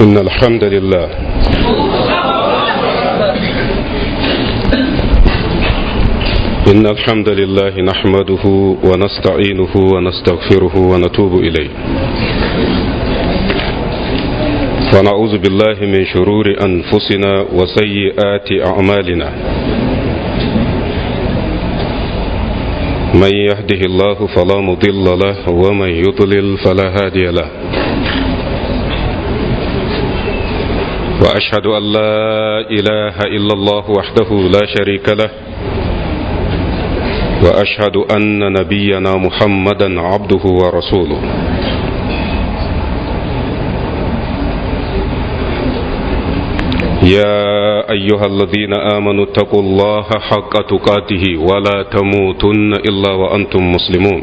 إن الحمد لله إن الحمد لله نحمده ونستعينه ونستغفره ونتوب إليه ونعوذ بالله من شرور أنفسنا وسيئات أعمالنا من يهده الله فلا مضل له ومن يضلل فلا هادي له وأشهد أن لا إله إلا الله وحده لا شريك له وأشهد أن نبينا محمدا عبده ورسوله يا أيها الذين آمنوا اتقوا الله حق تقاته ولا تموتن إلا وأنتم مسلمون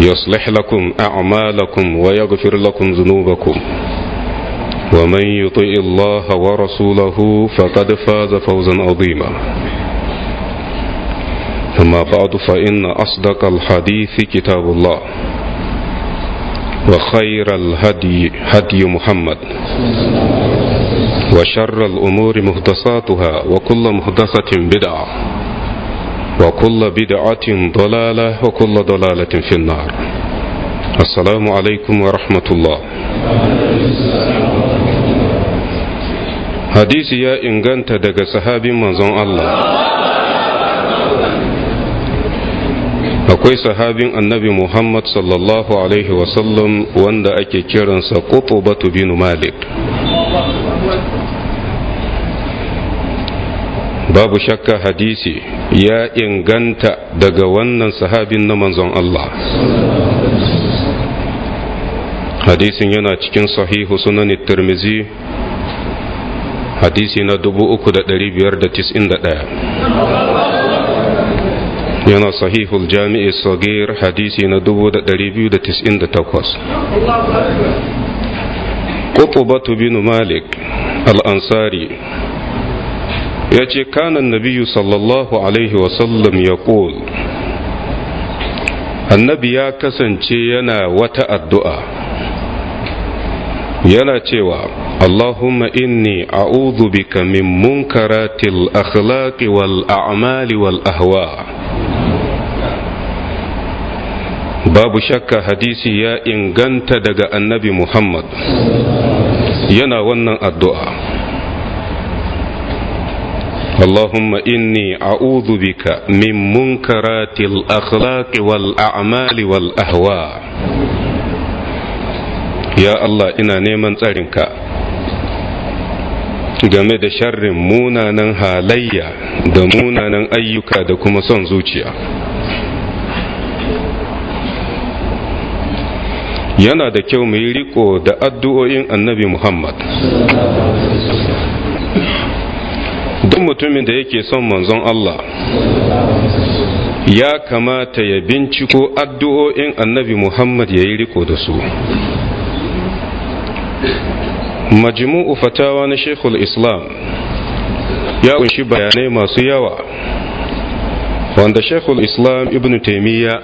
يصلح لكم أعمالكم ويغفر لكم ذنوبكم ومن يطئ الله ورسوله فقد فاز فوزا عظيما ثم بعد فإن أصدق الحديث كتاب الله وخير الهدي هدي محمد وشر الأمور مهدساتها وكل مهدسة بدعة وكل بدعة ضلالة وكل ضلالة في النار السلام عليكم ورحمة الله حديث يا إنغانت دقى صحابي منزون الله akwai sahabin annabi Muhammad sallallahu Alaihi wasallam wanda ake kiransa Qutubatu binu Malik babu shakka hadisi ya inganta daga wannan sahabin na manzon Allah hadisin yana cikin sahihu sunan tirmizi hadisi na 3591 yana sahihul jami'i sagir hadisi na 2298 قطبة بن مالك الأنصاري ya ce kanan nabiyu sallallahu alaihi wasallam ya ƙoli annabi ya kasance yana wata addu'a yana cewa Allahumma inni a'udhu bika min munkaratil akhlaqi wal a'mali wal ahwa babu shakka hadisi ya inganta daga annabi Muhammad yana wannan addu'a اللهم إني أعوذ بك من منكرات الأخلاق والأعمال والأهواء يا الله إنا نيمان tsarinka. game da sharrin munanan halayya da munanan ayyuka da kuma son zuciya yana da kyau mu yi riko da addu'o'in annabi muhammad duk mutumin da yake son manzon Allah ya kamata ya binciko addu'o'in annabi Muhammad ya yi riko da su. majmu'u fatawa na shekul islam ya kunshi bayanai masu yawa wanda shekul islam ibn taimiyya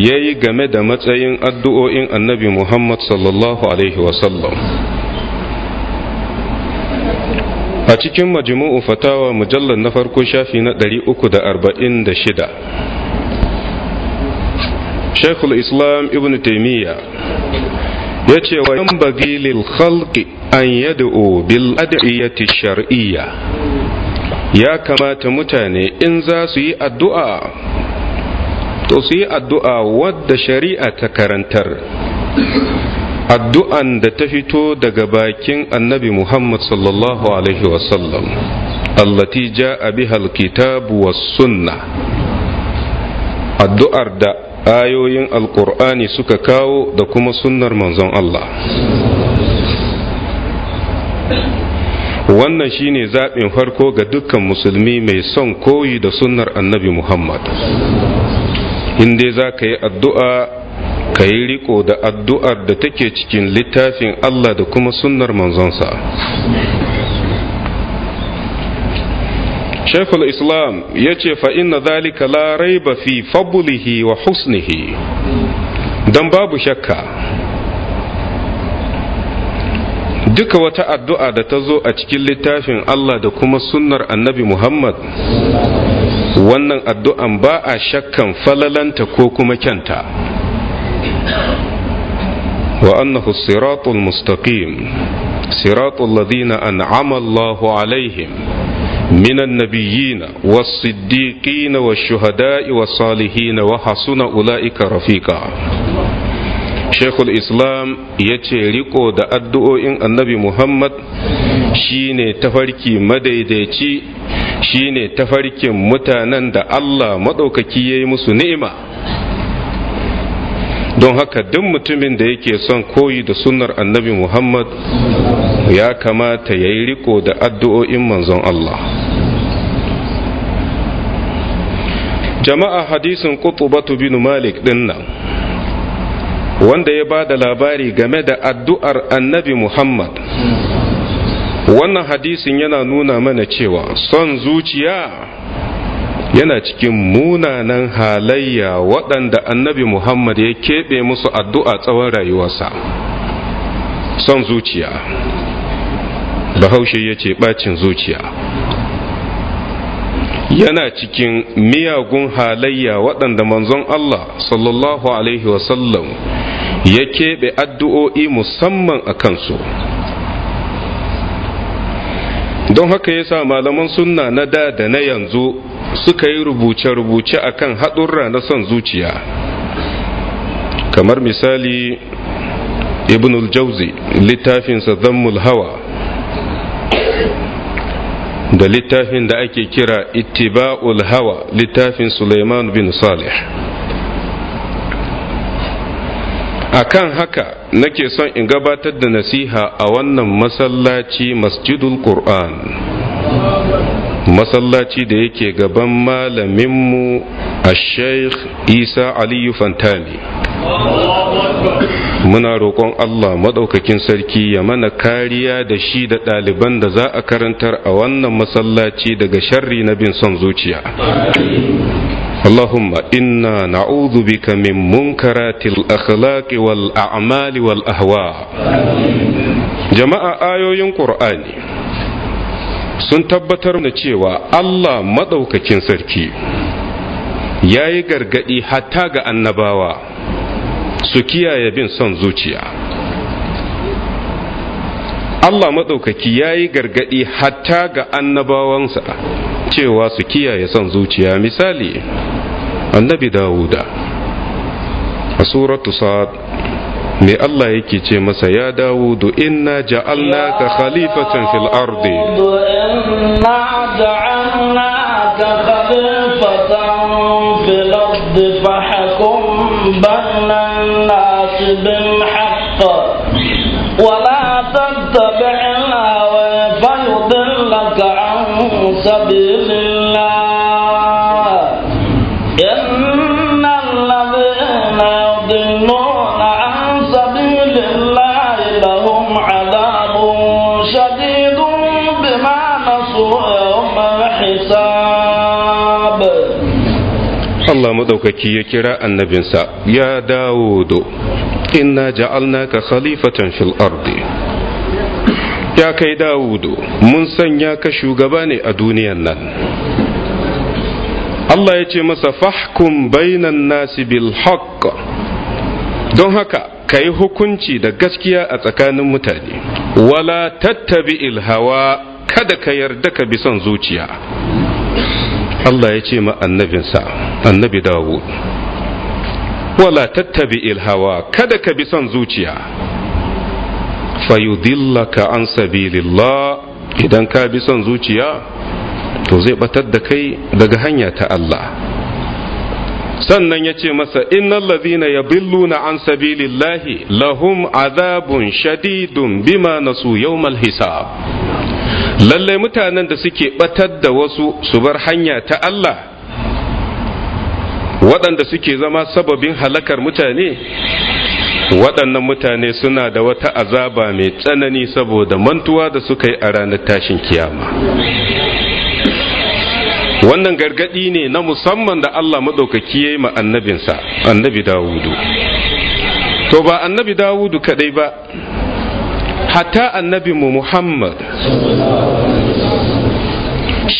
ya yi game da matsayin addu'o'in annabi muhammad sallallahu alaihi wasallam a cikin majmu'u fatawa mujallar na farko shafi na 346 shekul islam ibn taimiyya ya ce wa yan bagi lil khalqi an yad'u bil ad'iyati shar'iyya ya kamata mutane in za su yi addu'a to su yi addu'a wadda shari'a ta karantar addu'an da ta fito daga bakin annabi Muhammad sallallahu Alaihi wasallam, allati ja'a bihal kitabu was sunna addu'ar da ayoyin alƙur'ani suka kawo da kuma sunnar manzon Allah. Wannan shi ne zaɓin farko ga dukkan musulmi mai son koyi da sunnar annabi Muhammad. In dai za ka yi addu'a ka yi riko da addu'ar da take cikin littafin Allah da kuma sunnar manzonsa Shekul Islam ya ce fa'in zalika larai ba fi fabulihi wa husnihi don babu shakka duka wata addu'a da ta zo a cikin littafin Allah da kuma sunnar annabi Muhammad wannan addu'an ba a shakkan falalanta ko kuma kyanta وأنه الصراط المستقيم صراط الذين أنعم الله عليهم من النبيين والصديقين والشهداء والصالحين وحسن أولئك رفيقا شيخ الإسلام يتريقو دا أدعو إن النبي محمد shine tafarki madaidaici shine tafarkin mutanen da Allah maɗaukaki ya yi musu ni'ima don haka duk mutumin da yake son koyi da sunnar annabi muhammad ya kamata ya yi riko da addu'o'in manzon Allah jama'a hadisin qutubatu bin malik dinnan wanda ya ba da labari game da addu'ar annabi muhammad wannan hadisin yana nuna mana cewa son zuciya yana cikin munanan halayya waɗanda annabi muhammad ya keɓe musu addu'a tsawon rayuwarsa son zuciya bahaushe ya ce ɓacin zuciya yana cikin miyagun halayya waɗanda manzon Allah sallallahu alaihi wasallam ya keɓe addu'o'i musamman a kansu don haka yasa malaman sunna na da da na yanzu suka yi rubuce-rubuce akan haɗurra na son zuciya kamar misali ibn jauzi littafinsa zammul hawa da littafin da ake kira ittiba'ul hawa littafin suleiman bin salih akan haka nake son in gabatar da nasiha a wannan masallaci masjidul qur'an masallaci da yake gaban malaminmu a sheikh isa aliyu fantami muna roƙon allah maɗaukakin sarki ya mana kariya da shi da ɗaliban da za a karantar a wannan masallaci daga sharri na bin son zuciya اللهم إنا نعوذ بك من منكرات الأخلاق والأعمال والأهواء جماعة ayoyin قرآني sun tabbatar da cewa Allah maɗaukakin sarki ya yi gargaɗi hatta ga annabawa su kiyaye bin son zuciya Allah maɗaukaki ya yi gargaɗi hatta ga annabawansa cewa su kiyaye son zuciya misali annabi dawuda a suratu sa'ad me Allah yake ce masa ya dawudu inna ja'alnaka khalifatan fil khalifatan fil ardi fahkum سبيل الله إن الذين يضلون عن سبيل الله لهم عذاب شديد بما نسوا يوم الحساب الله مدوككي يكرا النبي يا داود إنا جعلناك خليفة في الأرض ya kai dawudu mun sanya ka shugaba ne a duniyan nan Allah ya ce masa fahkum bainan nasi bil haqq don haka ka hukunci da gaskiya a tsakanin mutane wala tattabi ilhawa kada ka yarda ka bi son zuciya Allah ya ce ma annabinsa annabi dawud wala tattabi ilhawa kada ka bi son zuciya fayudillaka an sabilillah idan ka bi son zuciya to zai batar da kai daga hanya ta Allah sannan ya ce masa innal ladhina na an sabilillahi lahum azabun shadidun bima nasu yawmal hisab lallai mutanen da suke batar da wasu su bar hanya ta Allah waɗanda suke zama sababin halakar mutane waɗannan mutane suna da wata azaba mai tsanani saboda mantuwa da suka yi a ranar tashin kiyama wannan gargaɗi ne na musamman da Allah maɗaukaki ya yi ma annabinsa annabi dawudu to ba annabi dawudu kaɗai ba hatta mu muhammad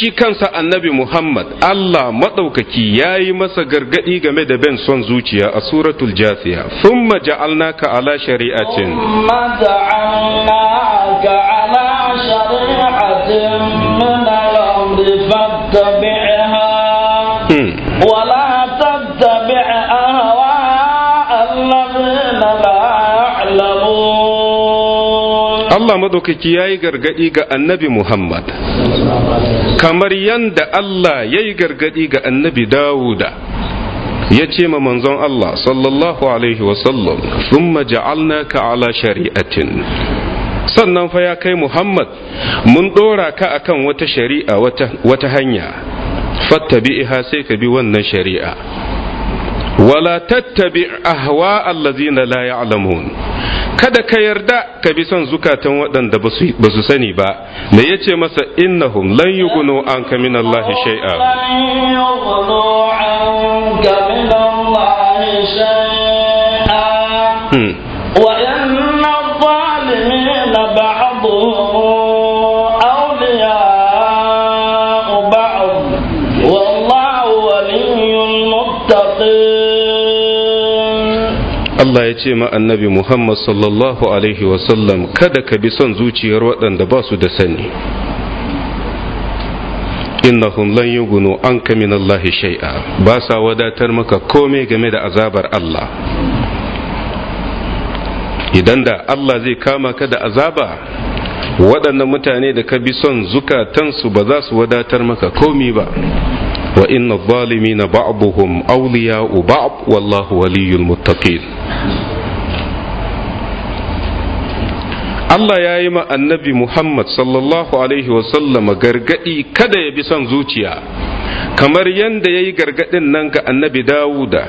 shi kansa annabi Muhammad Allah maɗaukaki ya yi masa gargaɗi game da ben son zuciya a suratul jasiya thumma ja'alnaka ala shari'atin ala Allah maɗaukaki ya yi gargaɗi ga annabi Muhammad, kamar yadda Allah ya yi gargaɗi ga annabi Dawuda, ya ce ma manzon Allah sallallahu Alaihi wasallam, "Thumma ja'alna ka ala shari'atin." Sannan fa ya kai Muhammad, mun ɗora ka akan wata shari'a wata hanya, fattabi'iha sai ka bi wannan shari'a. wala tattabi ahwa allazina la ya'lamun kada ka yarda ka bi son zukatan waɗanda ba su sani ba me yace masa innahum lan yughnu anka min Allah shay'a wa Allah ya ce ma annabi Muhammad sallallahu Alaihi wasallam kada ka bi son zuciyar waɗanda ba su da sani. innahum lan yugunu an min Allah shay'a ba sa wadatar maka komai game da azabar Allah idan da Allah zai kama ka da azaba waɗannan mutane da ka bi son zukatansu ba za su wadatar maka komi ba wa inna zalimina ba'dhum awliya'u ba'd wallahu waliyyul Allah ya yi ma annabi Muhammad sallallahu Alaihi wasallama gargaɗi kada ya bi son zuciya, kamar yadda ya yi gargaɗin nan ga annabi Dawuda,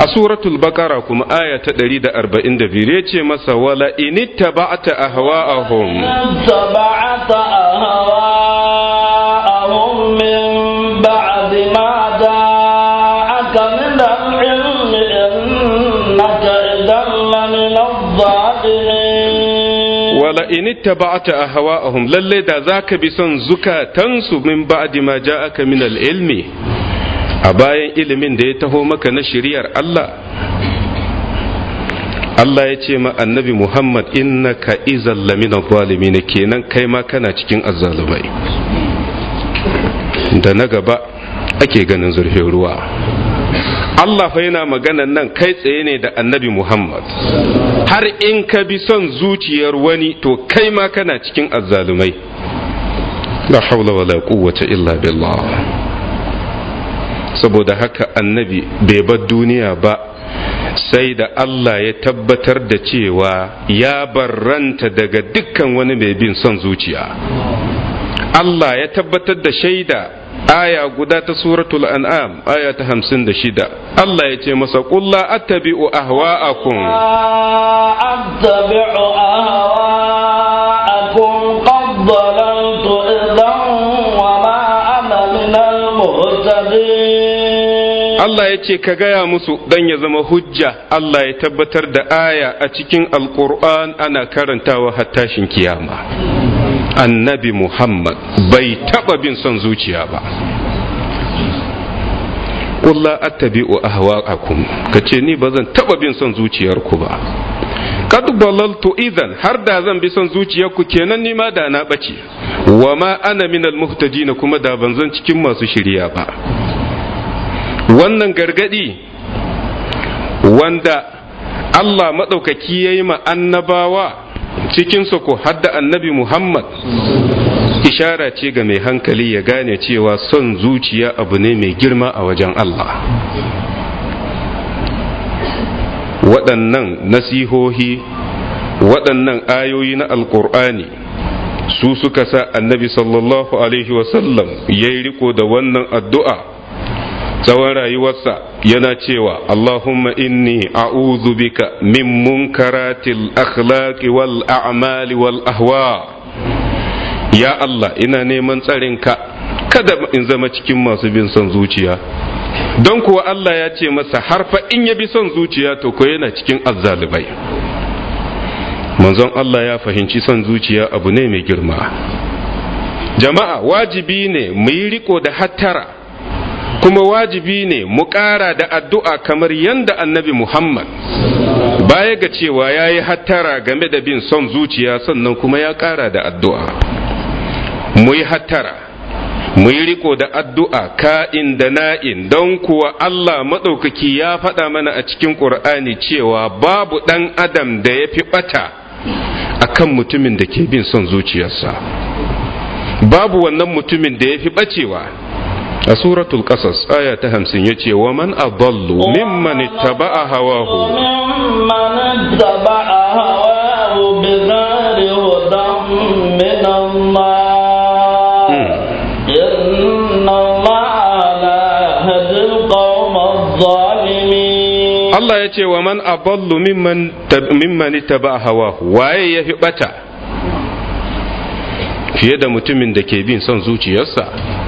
a suratul bakara kuma aya ta ɗari da 142 ya ce masa wala inita ba'ata ahwa'ahum. la in ittaba'ta ahwa'ahum lalle da zaka bi son zukatansu min ba'di ma ja'aka min al-ilmi a bayan ilimin da ya taho maka na shiriyar Allah Allah ya ce ma annabi Muhammad innaka izal lamina zalimin kenan kai ma kana cikin azzalumai da na gaba ake ganin zurfin ruwa Allah fa yana maganan nan kai tsaye ne da annabi Muhammad har in ka bi son zuciyar wani to kai ma kana cikin azzalumai la hawla wala quwwata illa billah saboda haka annabi bai bar duniya ba sai da Allah ya tabbatar da cewa ya barranta daga dukkan wani mai bin son zuciya Allah ya tabbatar da shaida aya guda ta suratul an'am aya ta hamsin da shida Allah ya ce masa kulla attabi'u ahwa'akum attabi'u ahwa'akum qad dalaltu idan wa ma amalna muhtadin Allah ya ce ka gaya musu dan ya zama hujja Allah ya tabbatar da aya a cikin alquran ana karantawa har tashin kiyama annabi muhammad bai taba bin son zuciya ba kulla attabi'u ahwa'akum ka ni bazan taba bin son zuciyarku ba kad balaltu idan har da zan bi son zuciyarku kenan ni ma da na bace wa ma ana minal muhtajina kuma da ban zan cikin masu shirya ba wannan gargadi wanda Allah maɗaukaki ya yi annabawa cikinsu ku hadda annabi Muhammad ishara ce ga mai hankali ya gane cewa son zuciya abu ne mai girma a wajen Allah waɗannan nasihohi waɗannan ayoyi na alƙur'ani su suka sa annabi sallallahu alaihi wasallam ya yi riko da wannan addu'a tsawon rayuwarsa yana cewa Allahumma inni a'udhu bika min munkaratil akhlaqi wal a'mali wal ahwa ya Allah ina neman tsarinka kada in zama cikin masu bin son zuciya don kuwa Allah ya ce masa harfa in ya bi son zuciya to ko yana cikin azzalibai manzon Allah ya fahimci son zuciya abu ne mai girma jama'a wajibi ne mu yi riko da hattara kuma wajibi ne mu ƙara da addu'a kamar yanda annabi Muhammad baya ga cewa ya yi hattara game da bin son zuciya sannan kuma ya ƙara da addu'a mu yi hattara mu yi riko da addu'a ka'in da na'in don kuwa Allah maɗaukaki ya faɗa mana a cikin ƙur'ani cewa babu ɗan adam da ya fi ɓata a kan mutumin da ke bin son zuciyarsa babu wannan mutumin da ya fi ɓacewa a suratul qasas aya ta hamsin ya ce wa man a mimman mimman ittaba'a hawahu bi ghairi hudan min Allah hmm. inna Allah la hadi al Allah ya ce wa man a adallu mimman a hawa hawahu waye ya fi bata fiye da mutumin da ke bin son zuciyarsa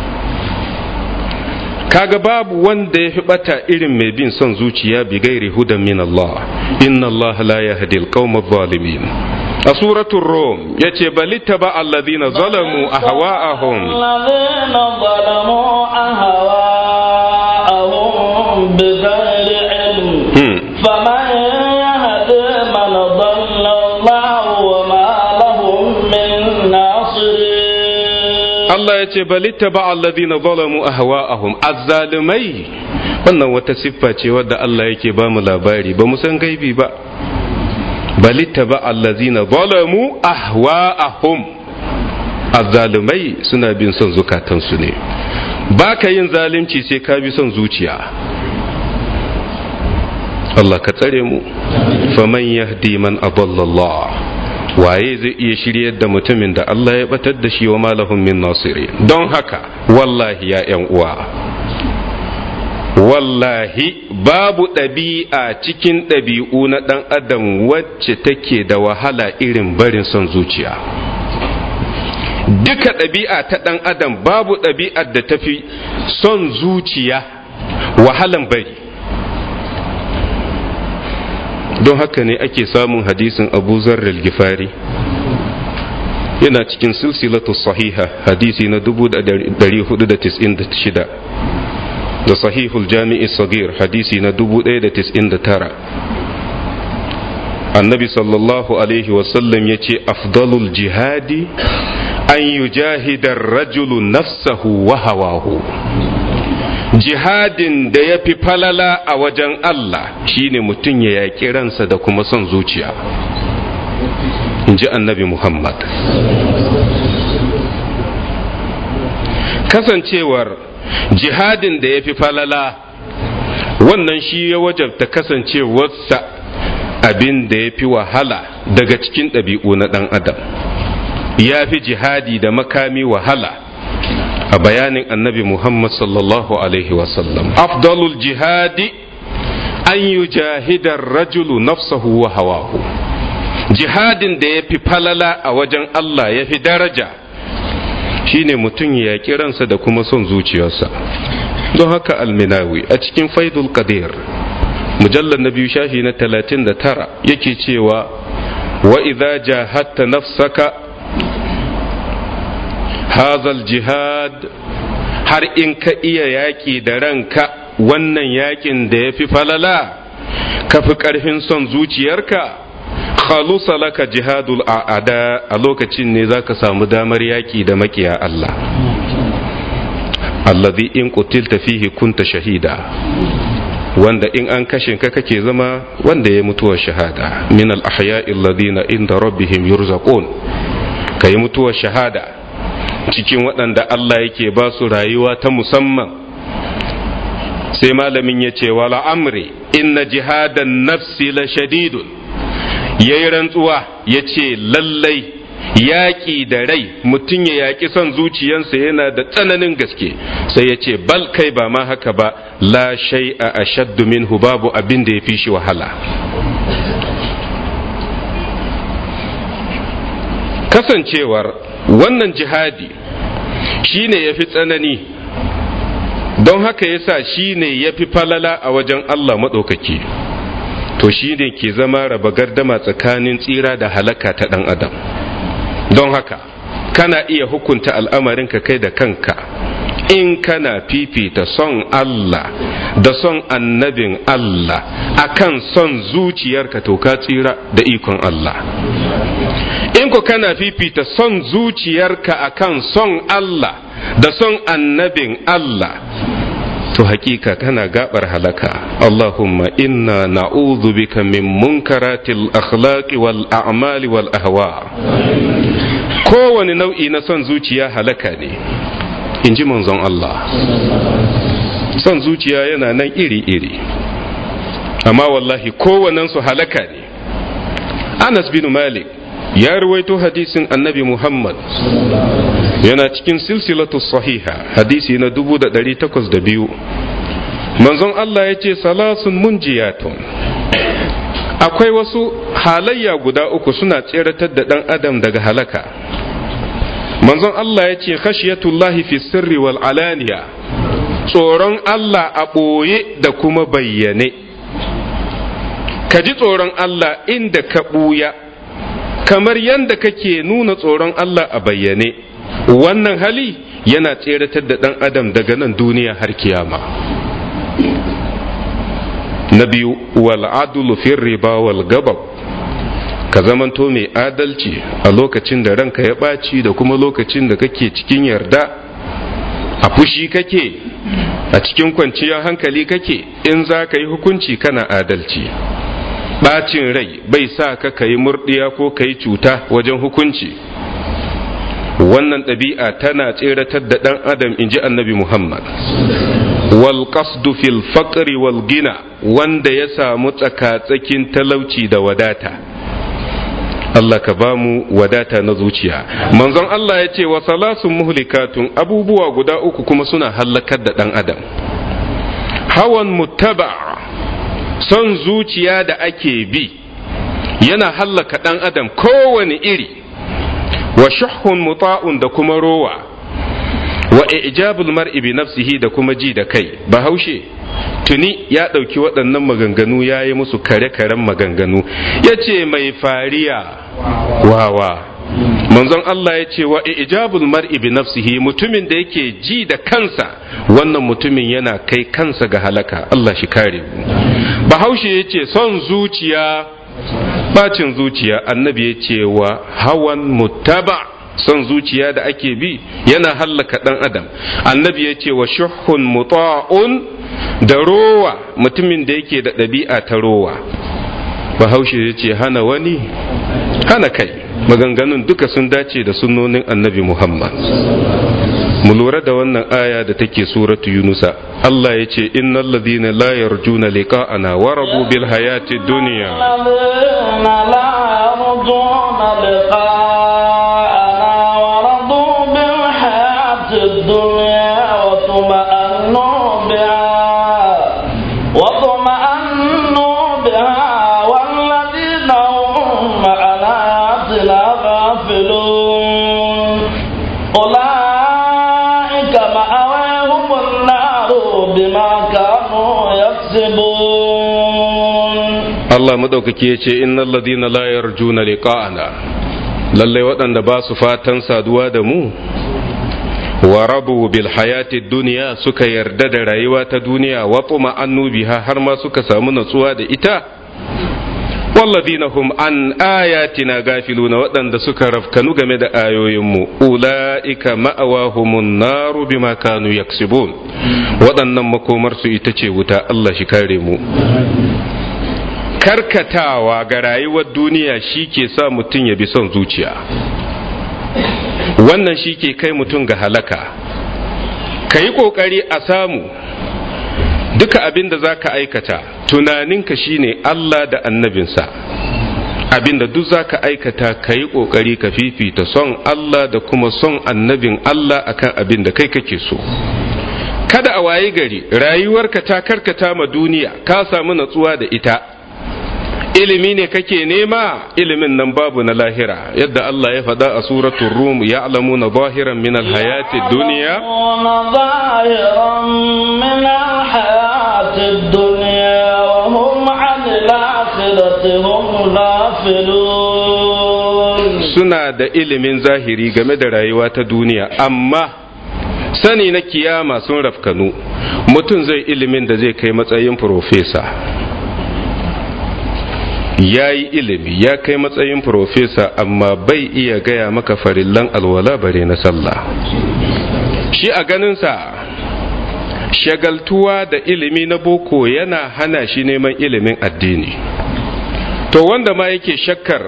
kaga babu wanda ya fi bata irin mai bin son zuciya bi gairi hudan min Allah inna Allah la yahdi al-qawma a suratul rum yace balita ba alladhina zalamu ahwa'ahum alladhina a ahwa'ahum bi Allah ya ce balitta ba alladina zalamu ahwa'ahum azzalimai wannan wata siffa ce wadda Allah yake ba mu labari ba mu san gaibi ba balitta ba allazina zalamu ahwa'ahum azzalumai suna bin son zukatansu ne ba ka yin zalunci sai ka bi son zuciya Allah ka tsare mu faman yahdi man adalla waye zai iya shiryar da mutumin da Allah ya batar da shi wa malahun min nasiri don haka wallahi ya yan uwa wallahi babu ɗabi'a cikin ɗabi'u na ɗan adam wacce take da wahala irin barin son zuciya duka ɗabi'a ta ɗan adam babu ɗabi'ar da tafi son zuciya wahalan bari don haka ne ake samun hadisin abu zarril gifari yana cikin silsilatu sahiha hadisi na 496 da sahihul jami'i sagir hadisi na 1099 annabi sallallahu alaihi wasallam ya ce afdalul jihadi an jahidar rajulu nafsahu wa hawahu jihadin da ya fi falala a wajen Allah shine mutum ya yaƙi ransa da kuma son zuciya in ji annabi Muhammad kasancewar jihadin da ya fi falala wannan shi ya wajabta kasancewarsa abin da ya fi wahala daga cikin ɗabi'u na ɗan adam ya fi jihadi da makami wahala a bayanin annabi Muhammad sallallahu alaihi wasallam afdalul jihadi an yi jahidar rajulu nafsahu wa hawahu jihadin da ya fi falala a wajen Allah ya fi daraja shine mutum ya kiransa ransa da kuma son zuciyarsa don haka alminawi a cikin faidul qadir mujallar na biyu shafi na talatin da tara yake cewa wa idza ta nafsaka hazal jihad har in ka iya yaƙi da ranka wannan yaƙin da ya fi falala ka fi ƙarfin son zuciyarka khalusa laka jihadul a'ada a lokacin ne za ka samu damar yaƙi da makiya Allah alladhi in qutilta fihi kunta shahida wanda in an kashe ka kake zama wanda ya mutuwar shahada min al-ahya'i alladhina inda rabbihim yurzaqun kai mutuwar shahada cikin waɗanda Allah yake ba su rayuwa ta musamman sai malamin ya ce wala amri inna jihadan nafsi la shadidun ya rantsuwa ya ce lallai yaƙi da rai mutum ya yaƙi son zuciyarsa yana da tsananin gaske sai ya ce bal kai ba ma haka ba la a ashaddu minhu babu abin da ya fi shi wahala kasancewar wannan jihadi shi ne ya fi tsanani don haka ya sa shi ne ya fi falala a wajen Allah maɗaukaki to shi ne ke zama raba gardama tsakanin tsira da halaka ta ɗan adam don haka kana iya hukunta al'amarinka kai da kanka in kana fifita son Allah da son annabin Allah akan son zuciyarka to ka tsira da ikon Allah in ku kana fifita son zuciyarka akan son Allah da son annabin Allah to hakika kana gabar halaka Allahumma inna na'udhu bika min munkaratil akhlaqi wal a'mali wal ahwa kowane nau'i na son zuciya halaka ne in ji manzon Allah son zuciya yana nan iri-iri amma wallahi kowanensu halaka ne Anas bin Malik ya ruwaito hadisin annabi muhammad yana cikin silsilatu sahiha hadisi na dubu da ɗari takwas da biyu manzon allah ya ce salasun munjiyatun akwai wasu halayya guda uku suna tseratar da ɗan adam daga halaka manzon allah ya ce khashiyatullahi fi sirri wal alaniya tsoron allah a ɓoye da kuma bayyane ka ji tsoron allah inda ka ɓuya kamar yadda kake nuna tsoron Allah a bayyane wannan hali yana tseratar da ɗan adam daga nan duniya har kiyama na biyu wal adulu fi riba wal gabab ka zamanto mai adalci a lokacin da ranka ya ɓaci da kuma lokacin da kake cikin yarda a fushi kake a cikin kwanciyar hankali kake in za ka yi hukunci kana adalci Bacin rai bai sa ka ka yi murɗiya ko ka yi cuta wajen hukunci wannan ɗabi'a tana tseratar da ɗan adam in ji annabi muhammad wal qasdu fil faqri wal gina wanda ya samu tsakatsakin talauci da wadata Allah ka ba mu wadata na zuciya manzon Allah ya ce wa salasun muhlikatun abubuwa guda uku kuma suna hallakar da ɗan adam hawan muttaba son zuciya da ake bi yana hallaka ɗan adam kowane iri wa shahun muta'un da kuma rowa wa ijabul mar'i bi nafsihi da kuma ji da kai bahaushe tuni ya ɗauki waɗannan maganganu ya yi musu kare-karen maganganu ya ce mai fariya wawa manzon Allah ya ce wa ijabul mar'i bi nafsihi mutumin da yake ji da kansa wannan mutumin yana kai kansa ga halaka Allah shi kare mu bahaushe ya ce son zuciya bacin zuciya annabi ya ce wa hawan muttaba son zuciya da ake bi yana hallaka dan adam annabi ya ce wa shuhun muta'un da rowa mutumin da yake da ɗabi'a ta rowa bahaushe ya ce hana wani hana kai maganganun duka sun dace da sunnonin annabi Muhammad. Mu lura da wannan aya da take suratu Yunusa, Allah ya ce, Inna ladina la yarjuna liqa'ana wa rabu bil hayati duniya. Allah maɗaukaki ya ce innal ladina la yarjuna liqa'ana lalle waɗanda ba su fatan saduwa da mu wa rabu bil hayati duniya suka yarda da rayuwa ta duniya wa tuma har ma suka samu natsuwa da ita walladina hum an ayatina gafiluna waɗanda suka rafkanu game da ayoyinmu ula'ika ma'awahumun naru bima kanu yaksibun waɗannan makomarsu ita ce wuta Allah shi kare mu karkatawa ga rayuwar duniya shi ke sa mutum ya bi son zuciya wannan shi ke kai mutum ga halaka ka yi ƙoƙari a samu duka abin da za ka aikata tunaninka shi ne Allah da annabinsa abin da duk za ka aikata ka yi ƙoƙari ka fifita son Allah da kuma son annabin Allah akan abin da kai kake so kada a waye gari rayuwarka ta karkata ma duniya ka samu natsuwa da ita ilimi ne kake nema ilimin nan babu na lahira yadda Allah ya faɗa a suratul rum ya alamu na zahiran min alhayati duniya suna da ilimin zahiri game da rayuwa ta duniya amma sani na kiyama sun rafkanu mutum zai ilimin da zai kai matsayin profesa ya yi ilimi ya kai matsayin profesa amma bai iya gaya maka farillan alwala bare na sallah shi a ganinsa shagaltuwa da ilimi na boko yana hana shi neman ilimin addini to wanda ma yake shakkar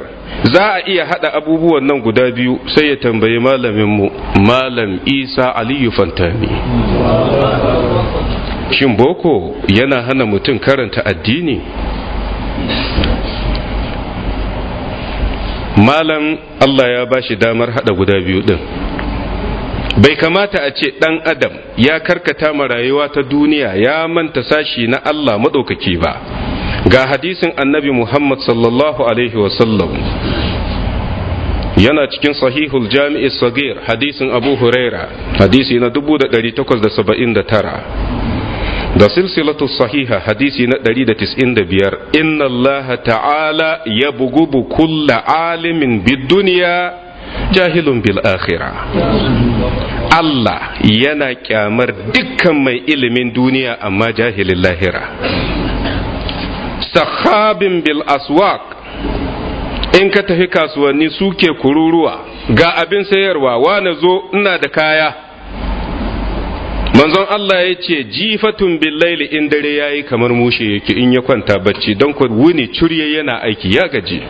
za a iya hada abubuwan nan guda biyu sai ya tambayi mu. malam isa aliyu fantami shin boko yana hana mutum karanta addini malam Allah ya ba shi damar hada guda biyu din bai kamata a ce ɗan adam ya karkata ma rayuwa ta duniya ya manta sashi na Allah maɗaukaki ba ga hadisin annabi Muhammad sallallahu alaihi wasallam yana cikin sahihul jami'i sagir hadisin abu huraira hadisi na 1879 da silsilatu sahiha hadisi na 195 inna allaha ta'ala ya bugubu kulla alimin bidduniya jahilun bil akhira Allah yana kyamar dukkan mai ilimin duniya amma jahilin lahira sahabin bil aswaq in ka tafi kasuwanni suke kururuwa ga abin sayarwa wane zo ina da kaya manzon Allah ya ce jifatun billaili in dare ya yi kamar mushe yake in ya kwanta bacci don ku wuni curye yana aiki ya gaji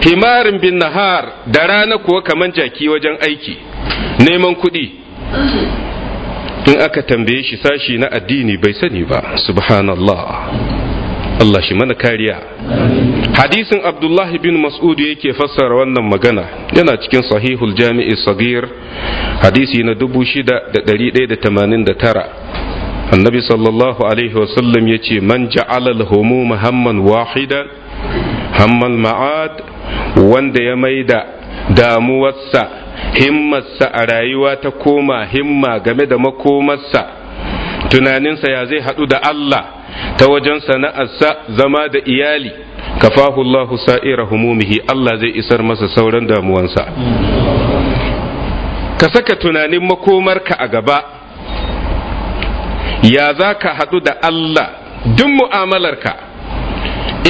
himarin bin nahar da rana kuwa kamar jaki wajen aiki neman kuɗi in aka tambaye shi sashi na addini bai sani ba subhanallah Allah shi mana kariya hadisin abdullahi bin mas'ud yake fassara wannan magana yana cikin sahihul jami'i sagir hadisi na tara. annabi sallallahu alaihi wasallam ya ce man ja'alal homo hamman wahida hamman ma'ad wanda ya maida damuwarsa himmarsa a rayuwa ta koma himma game da makomarsa tunaninsa ya zai haɗu da Allah ta wajen sana'arsa zama da iyali kafahu Allahu sa'ira humumihi Allah zai isar masa sauran damuwansa ka saka tunanin makomarka a gaba ya za ka haɗu da Allah duk mu'amalarka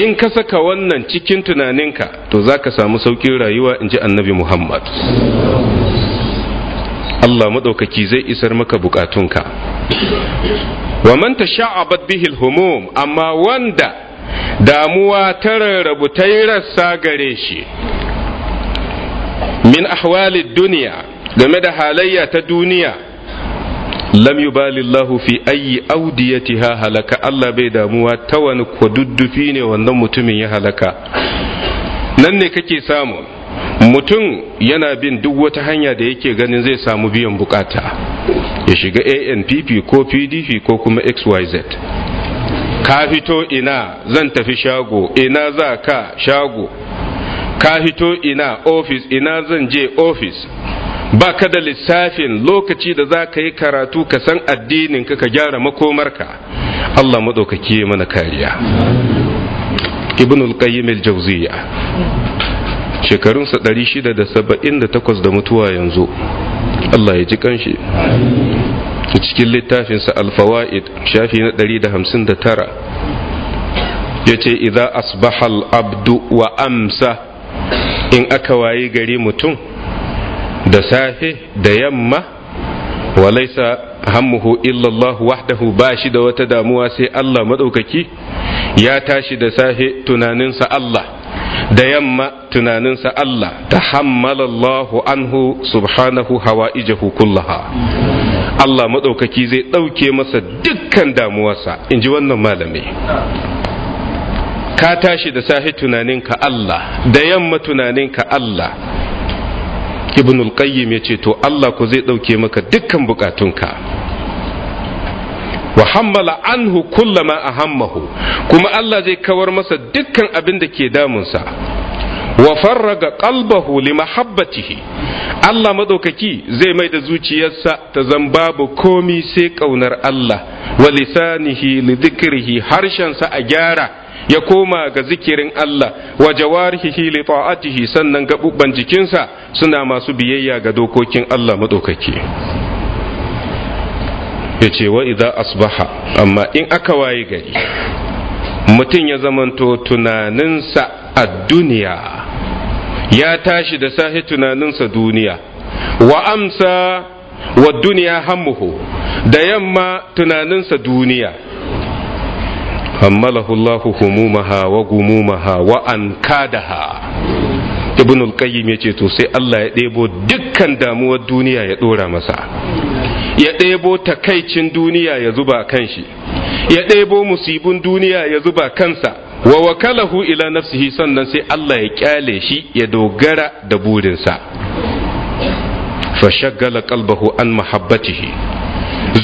in ka saka wannan cikin tunaninka to za ka samu sauƙin rayuwa in ji annabi Muhammad Allah maɗaukaki zai isar maka bukatunka wa man tasha'abat bihi bihil humum amma wanda damuwa ta rarrabu ta yi rassa gare shi min ahwalid duniya game da halayya ta duniya lam yubalillahu fi ayyi audiyatiha halaka Allah bai damuwa ta wani kududdufi ne wannan mutumin ya halaka nan ne kake samu mutum yana bin duk wata hanya da yake ganin zai samu biyan bukata ya shiga anpp ko pdp ko kuma xyz ka fito ina zan tafi shago ina za ka shago ka fito ina ofis ina zan je ofis ba ka da lissafin lokaci da za ka yi karatu ka san addinin ka ka gyara makomarka Allah maɗaukaki mana kariya ibn al-qayyim al-jawziya shekarunsa 678 da mutuwa yanzu Allah ya ji kanshi A cikin littafinsa alfawa'id shafi na 159 ya ce idan asbahal abdu wa amsa in aka wayi gari mutum da safe da yamma walaisa hammuhu illallah wahdahu ba shi da wata damuwa sai Allah maɗaukaki ya tashi da safe tunaninsa Allah da yamma tunaninsa Allah ta hammalallahu anhu subhanahu hawa hawa'ijahu kullaha Allah maɗaukaki zai ɗauke masa dukkan damuwarsa in ji wannan malami ka tashi da sahi tunaninka Allah da yamma tunaninka Allah ibnul qayyim ya ce to Allah ku zai ɗauke maka dukkan bukatunka wa hammala anhu kullama ahammahu kuma Allah zai kawar masa dukkan abin da ke damunsa wa farraga qalbahu li mahabbatihi Allah madaukaki zai mai da zuciyarsa ta zan babu komi sai kaunar Allah wa lisanihi li dhikrihi harshensa a gyara ya koma ga zikirin Allah wa jawarihi li ta'atihi sannan gabubban jikinsa suna masu biyayya ga dokokin Allah madaukaki ya ce wa idan asbaha amma in aka waye gari mutum ya zamanto tunaninsa a duniya ya tashi da sahi tunaninsa duniya wa amsa wa duniya hammuhu da yamma tunaninsa duniya hammalahu Allahu humumaha wa gumumaha wa ankadaha ibn al-qayyim yace to sai Allah ya ɗebo dukkan damuwar duniya ya ɗora masa ya ɗebo takaicin duniya ya zuba kan shi ya ɗebo musibin duniya ya zuba kansa wa wakalahu ila nafsihi sannan sai Allah ya kyale shi ya dogara da burinsa Fa shaggala qalbahu an mahabbatihi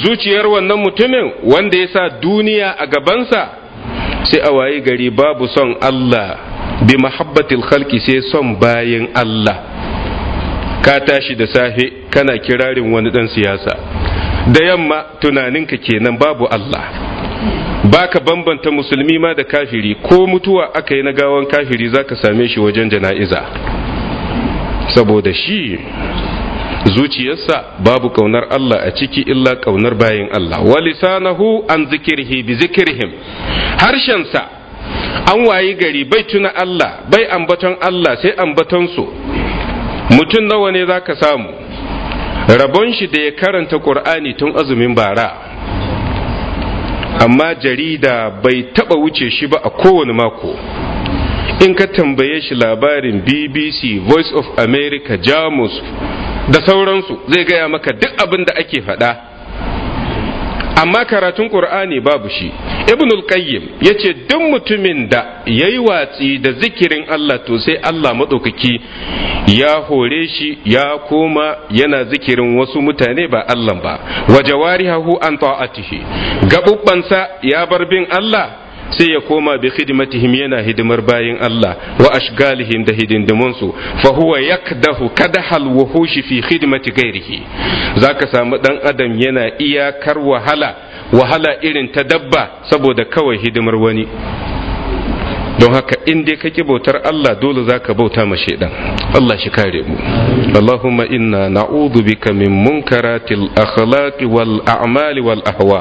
zuciyar wannan mutumin wanda ya sa duniya a gabansa sai a wayi gari babu son Allah bi mahabbatil khalqi sai son bayin Allah ka tashi da safe kana kirarin wani dan siyasa da yamma tunaninka kenan babu Allah baka bambanta musulmi ma da kafiri ko mutuwa aka yi na gawan kafiri zaka same shi wajen jana'iza saboda shi zuciyarsa babu ƙaunar Allah a ciki illa ƙaunar bayin Allah walisanahu an zikirhi bi zikirhim harshensa an wayi gari bai tuna Allah bai ambaton Allah sai ambaton mutum nawa ne za ka samu rabon shi da ya karanta ƙur'ani tun azumin bara amma jarida bai taba wuce shi ba a kowane mako in ka tambaye shi labarin bbc voice of america jamus da sauransu zai gaya maka duk abin da ake faɗa amma karatun qur'ani babu shi ibn al-qayyim yace duk mutumin da yayi watsi da zikirin Allah to sai Allah madaukaki ya hore shi ya koma yana zikirin wasu mutane ba Allah ba wa jawarihu an ta'atihi sa ya bar bin Allah sai ya koma bi khidmatihim yana hidimar bayin Allah wa ashgalihim da hidindimun su fa huwa yakdahu kadahal wuhushi fi khidmati ghairihi zaka samu dan adam yana iyakar wahala wahala irin ta dabba saboda kawai hidimar wani don haka in dai ka ki bautar Allah dole za ka bauta ma shaidan Allah shi kare mu Allahumma inna na'udhu bika min munkaratil akhlaqi wal a'mali wal ahwa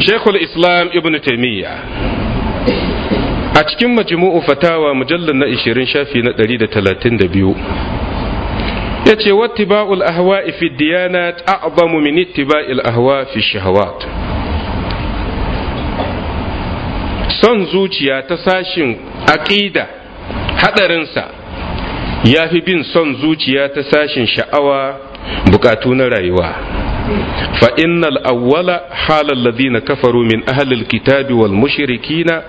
Sheikhul Islam Ibn Taymiyyah a cikin majmu'u fatawa mujallal na 20 shafi na 132 yace wattiba'ul ahwa fi diyanat a'zamu min ittiba'il ahwa fi shahawat son zuciya ta sashin aƙida haɗarinsa ya fi bin son zuciya ta sashin sha'awa buƙatu na rayuwa fa innal awwala halal ladina kafaru min ahlil kitabi wal mushrikina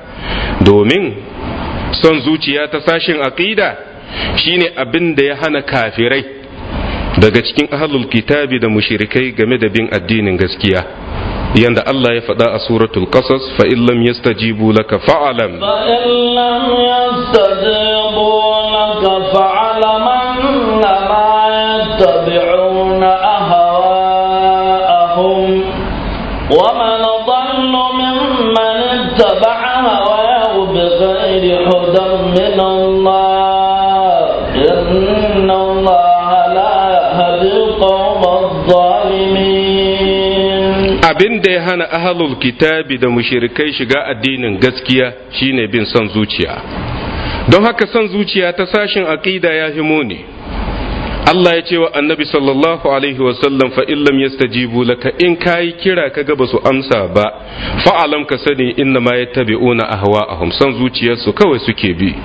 domin son zuciya ta sashin aƙida shine abin da ya hana kafirai daga cikin ahlul kitabi da mushrikai game da bin addinin gaskiya يند الله يفدا سورة القصص فإن لم يستجيبوا لك فاعلم فإن لم يستجيبوا لك فاعلم أنما يتبعون أهواءهم ومن ضل ممن اتبع هواه بغير حدى من الله abin da ya hana ahalul kitabi da mushirikai shiga addinin gaskiya shine bin son zuciya don haka son zuciya ta sashin aqida ya himo ne. Allah ya ce wa annabi sallallahu alaihi wasallam fa illam yastajibu laka in kayi kira kaga basu amsa ba alam ka sani inna ma yattabi'una ahwa'ahum son zuciyarsu kawai suke bi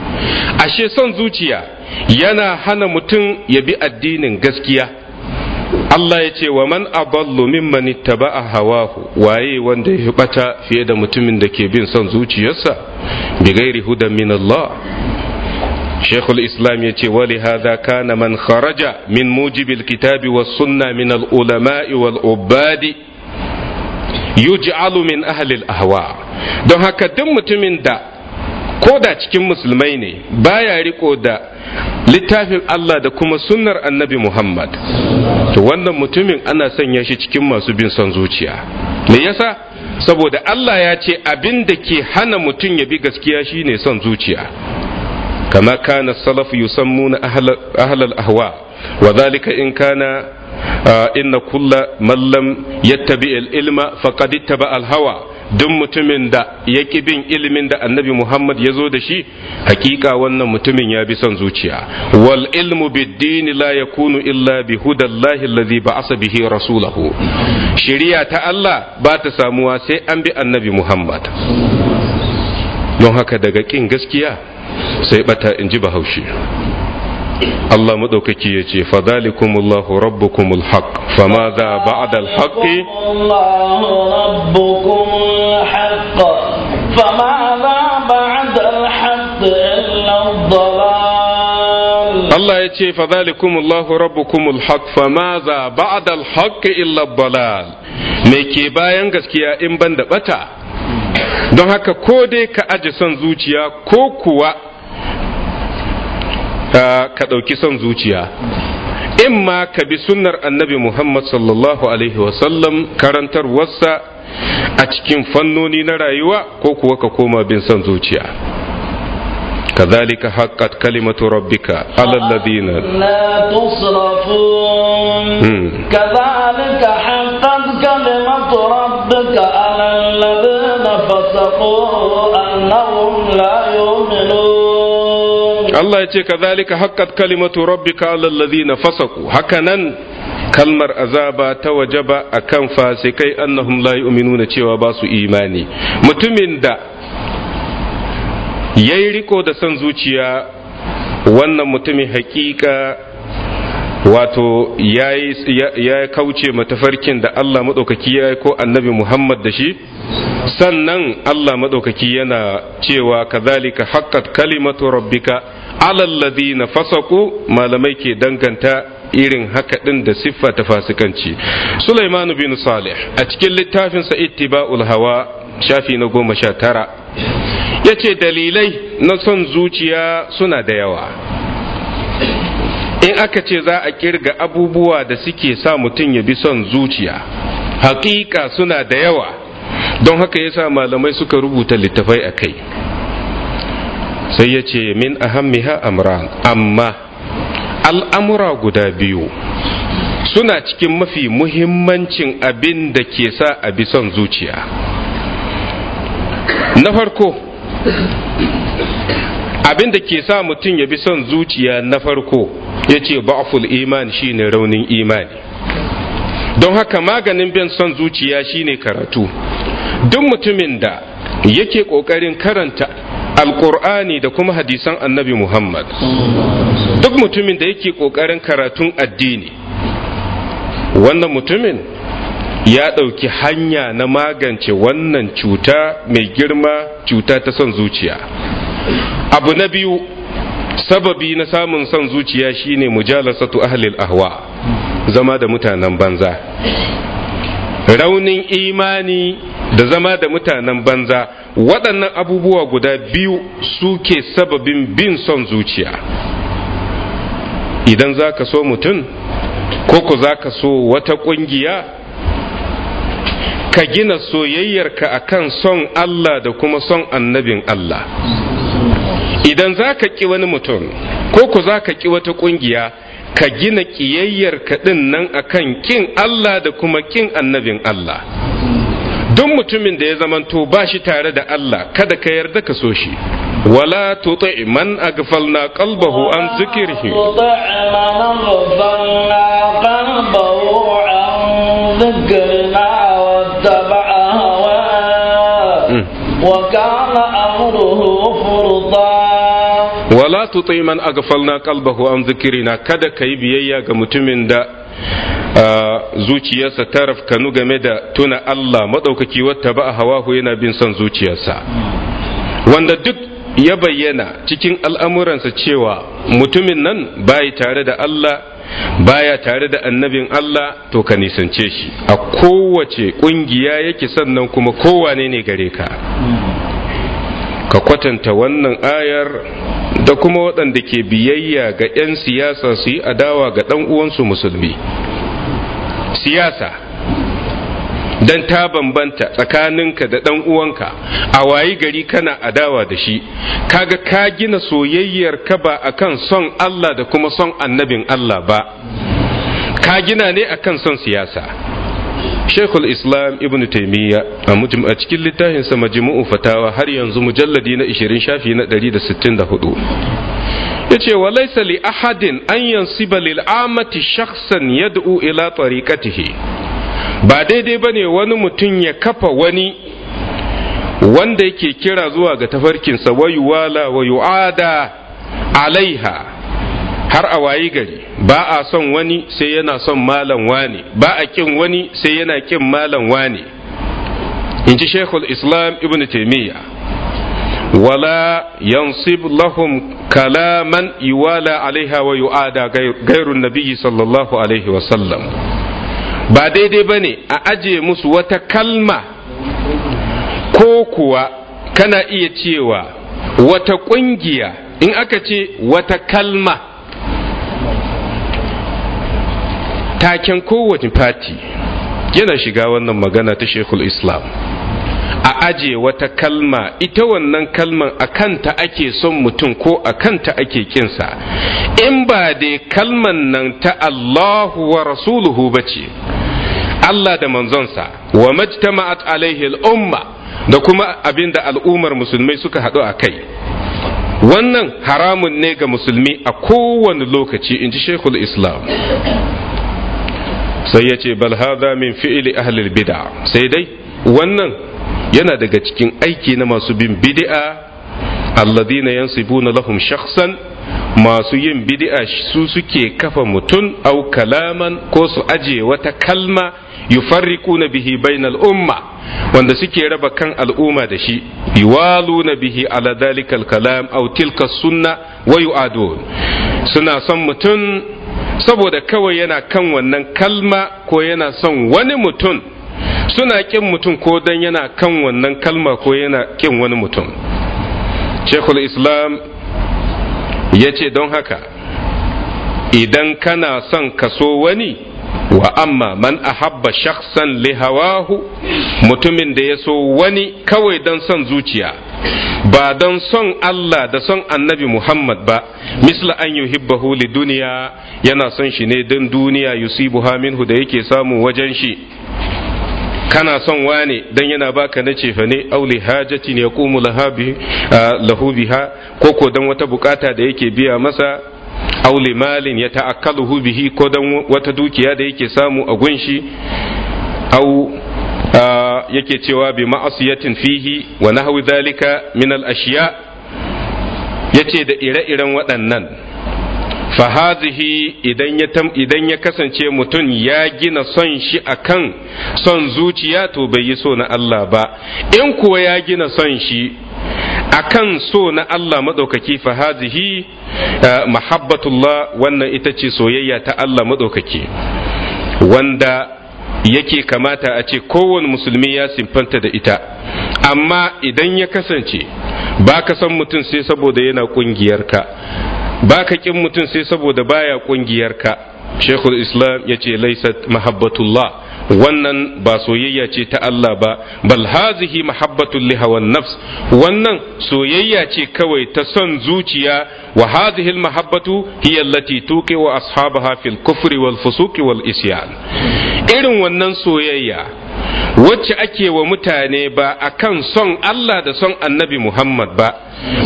ashe son zuciya yana hana mutum ya bi addinin gaskiya Allah ya ce wa man aballu mimman ittaba'a hawahu waye wanda ya bata fiye da mutumin da ke bin son zuciyarsa bi gairi hudan min Allah Sheikh islam ya ce wali hadha kana man kharaja min mujibil kitabi was sunna min al ulama'i wal ubadi yuj'alu min ahli al ahwa don haka duk mutumin da ko da cikin musulmai ne baya riko da littafin Allah da kuma sunnar annabi Muhammad to wannan mutumin ana sanya shi cikin masu bin son zuciya me yasa saboda Allah ya ce abin da ke hana mutum ya bi gaskiya shine son zuciya kama kana salaf yusammuna ahlal ahwa wa zalika in kana ah, inna kulla man lam yattabi al ilma faqad ittaba al hawa duk mutumin da ya ki bin ilimin da annabi Muhammad ya zo da shi hakika wannan mutumin ya bi son zuciya wal ilmu biddini la yakunu illa bi hudallahi alladhi ba'asa bihi rasulahu shari'a ta Allah ba ta samuwa sai an bi annabi Muhammad don haka daga kin gaskiya sai bata in ji bahaushe Allah maɗaukaki ya ce fadalikumullahu rabbukumul haq fama za ba'dal haqqi Allahu rabbukumul haq fama za ba'dal haqq illa ad-dalal Allah ya ce fadalikumullahu rabbukumul haq fama za ba'dal haqq illa ad-dalal me ke bayan gaskiya in ban da bata don haka ko dai ka aje son zuciya ko kuwa ka ɗauki son zuciya in ma ka bi sunnar annabi muhammad sallallahu alaihi wasallam karantarwarsa a cikin fannoni na rayuwa ko kuwa ka koma bin son zuciya كذلك حقت كلمة ربك على الذين لا تصرفون كذلك حقت كلمة ربك على الذين فسقوا أنهم لا Allah ya ce ka zalika haƙƙat kalimatu rabbi ka lallazi na fasaku nan kalmar azaba ta waje ba wajaba akan fasikai annahum la nuna cewa ba su imani mutumin da ya yi riko da son zuciya wannan mutumin hakika wato ya kauce matafarkin da Allah maɗaukaki ya yi ko annabi Muhammad da shi sannan Allah maɗaukaki yana cewa ka kazalika haƙƙat kalimatu rabbika alalladhi na fasaku malamai ke danganta irin haka din da siffa ta fasikanci Sulaiman bin Salih a cikin littafin sa ittiba'ul hawa shafi na goma sha tara ya dalilai na son zuciya suna da yawa in aka ce za a kirga abubuwa da suke sa mutum ya bi son zuciya hakika suna da yawa don haka yasa malamai suka rubuta littafai a kai sai ya ce min ahammiha amra amma al'amura guda biyu suna cikin mafi muhimmancin abin da ke sa a bi son zuciya na farko abin da ke sa mutum ya bi son zuciya na farko ya ce ba'ful iman shine raunin imani don haka maganin bin son zuciya shine karatu duk mutumin da yake ƙoƙarin karanta Alƙur'ani da kuma hadisan annabi muhammad duk mutumin da yake ƙoƙarin karatun addini wannan mutumin ya ɗauki hanya na magance wannan cuta mai girma cuta ta son zuciya abu na biyu sababi na samun son zuciya shine mujalasatu ahlil ahwa zama da mutanen banza raunin imani da zama da mutanen banza waɗannan abubuwa guda biyu suke sababin bin son zuciya idan za ka so mutum ko ku za ka so wata ƙungiya ka gina soyayyarka a kan son Allah da kuma son annabin Allah idan za ka ƙi wani mutum ko ku za ka ƙi wata ƙungiya ka gina ƙiyayyarka ɗin nan a kan ƙin Allah da kuma ƙin annabin Allah duk mutumin da ya zamanto ba shi tare da Allah kada ka yarda ka so shi wala tuta man agfalna qalbahu an zikrihi wala tuta man agfalna qalbahu an zikrina hmm. kada kai biyayya ga mutumin da zuciyarsa ta rafkanu game da tuna Allah maɗaukaki wata ba a hawahu yana bin son zuciyarsa wanda duk ya bayyana cikin al'amuransa cewa mutumin nan bai tare da Allah baya tare da annabin Allah to ka nisance shi a kowace ƙungiya yake sannan kuma kowane ne gare ka ka kwatanta wannan ayar da kuma waɗanda ke biyayya ga 'yan siyasa su yi adawa ga ɗan uwansu musulmi siyasa don ta bambanta tsakaninka da ɗan uwanka a wayi gari kana adawa da shi kaga ka gina soyayyar ka ba akan son Allah da kuma son annabin Allah ba ka gina ne akan son siyasa sheikhul islam ibn taimiyya a cikin littafinsa majmu'u fatawa har yanzu mujalladi na 20 shafi na 164 ya ce wa laisa li ahadin an yansiba lil amati shakhsan yad'u ila tariqatihi ba daidai bane wani mutum ya kafa wani wanda yake kira zuwa ga tafarkinsa wa yuwala wa yu'ada alaiha har a wayi gari ba a son wani sai yana son malam wane ba a kin wani sai yana kin malam wani in ji shekul islam ibn taimiyya wala yansib lahum kalaman iwala alaiha wa yu'ada gairun nabiyyi sallallahu alaihi sallam ba daidai ba ne a aje musu wata kalma ko kuwa kana iya cewa wata ƙungiya in aka ce wata kalma taken kowace fati yana shiga wannan magana ta shekul islam a aje wata kalma ita wannan kalman a kanta ake son mutum ko a kanta ake kinsa in ba dai kalman nan ta Allahu wa rasuluhu ba ce Allah da manzonsa wa majtama'at alaihi al'umma da kuma abin da al'ummar musulmai suka haɗu a kai wannan haramun ne ga musulmi a kowane lokaci in ji islam sai ya ce bal hadha min fi'li ahlil bid'a sai dai wannan yana daga cikin aiki na masu bin bid'a alladhina yansibuna lahum shakhsan masu yin bid'a su suke kafa mutum au kalaman ko su aje wata kalma yufarriquna bihi bainal umma wanda suke raba kan al'umma da shi yuwaluna bihi ala dhalikal kalam au tilka sunna wa yu'adun suna son mutum saboda kawai yana kan wannan kalma ko yana son wani mutum suna ƙin mutum ko dan yana kan wannan kalma ko yana kin wani mutum shekul islam ya ce don haka idan kana son kaso wani wa amma man ahabba shakhsan li hawahu mutumin da ya so wani kawai don son zuciya ba don son Allah da son annabi Muhammad ba misla an yuhibbahu li duniya yana son shi ne don duniya yusibuha minhu da yake samu wajen shi kana son wane dan yana baka na cefa ne auli hajatin ya kumu lahu biha ko dan wata bukata da yake biya masa auli malin ya ta'akkaluhu bihi ko dan wata dukiya da yake samu a gunshi au yake cewa bi ma'asiyatin fihi wa nahwi zalika min al-ashiya yace da ire-iren waɗannan fahazihi idan ya kasance mutum ya gina son shi akan son zuciya to bai yi so na Allah ba in kuwa ya gina son shi akan so na Allah maɗaukaki fa hazihi eh, mahabbatullah wannan ita ce soyayya ta Allah maɗaukaki wanda yake kamata a ce kowane musulmi ya simfanta da ita amma idan ya kasance ba ka san mutum sai saboda yana ƙungiyarka ba ka ƙin mutum sai saboda baya ƙungiyarka shekul islam ya ce laisat mahabbatullah wannan ba soyayya ce ta Allah ba bal hazihi mahabbatul li hawan nafs wannan soyayya ce kawai ta son zuciya wa hazihi al mahabbatu hiya allati tuqi wa ashabaha fil kufri wal fusuqi wal isyan irin wannan soyayya wacce ake wa mutane ba akan son Allah da son annabi Muhammad ba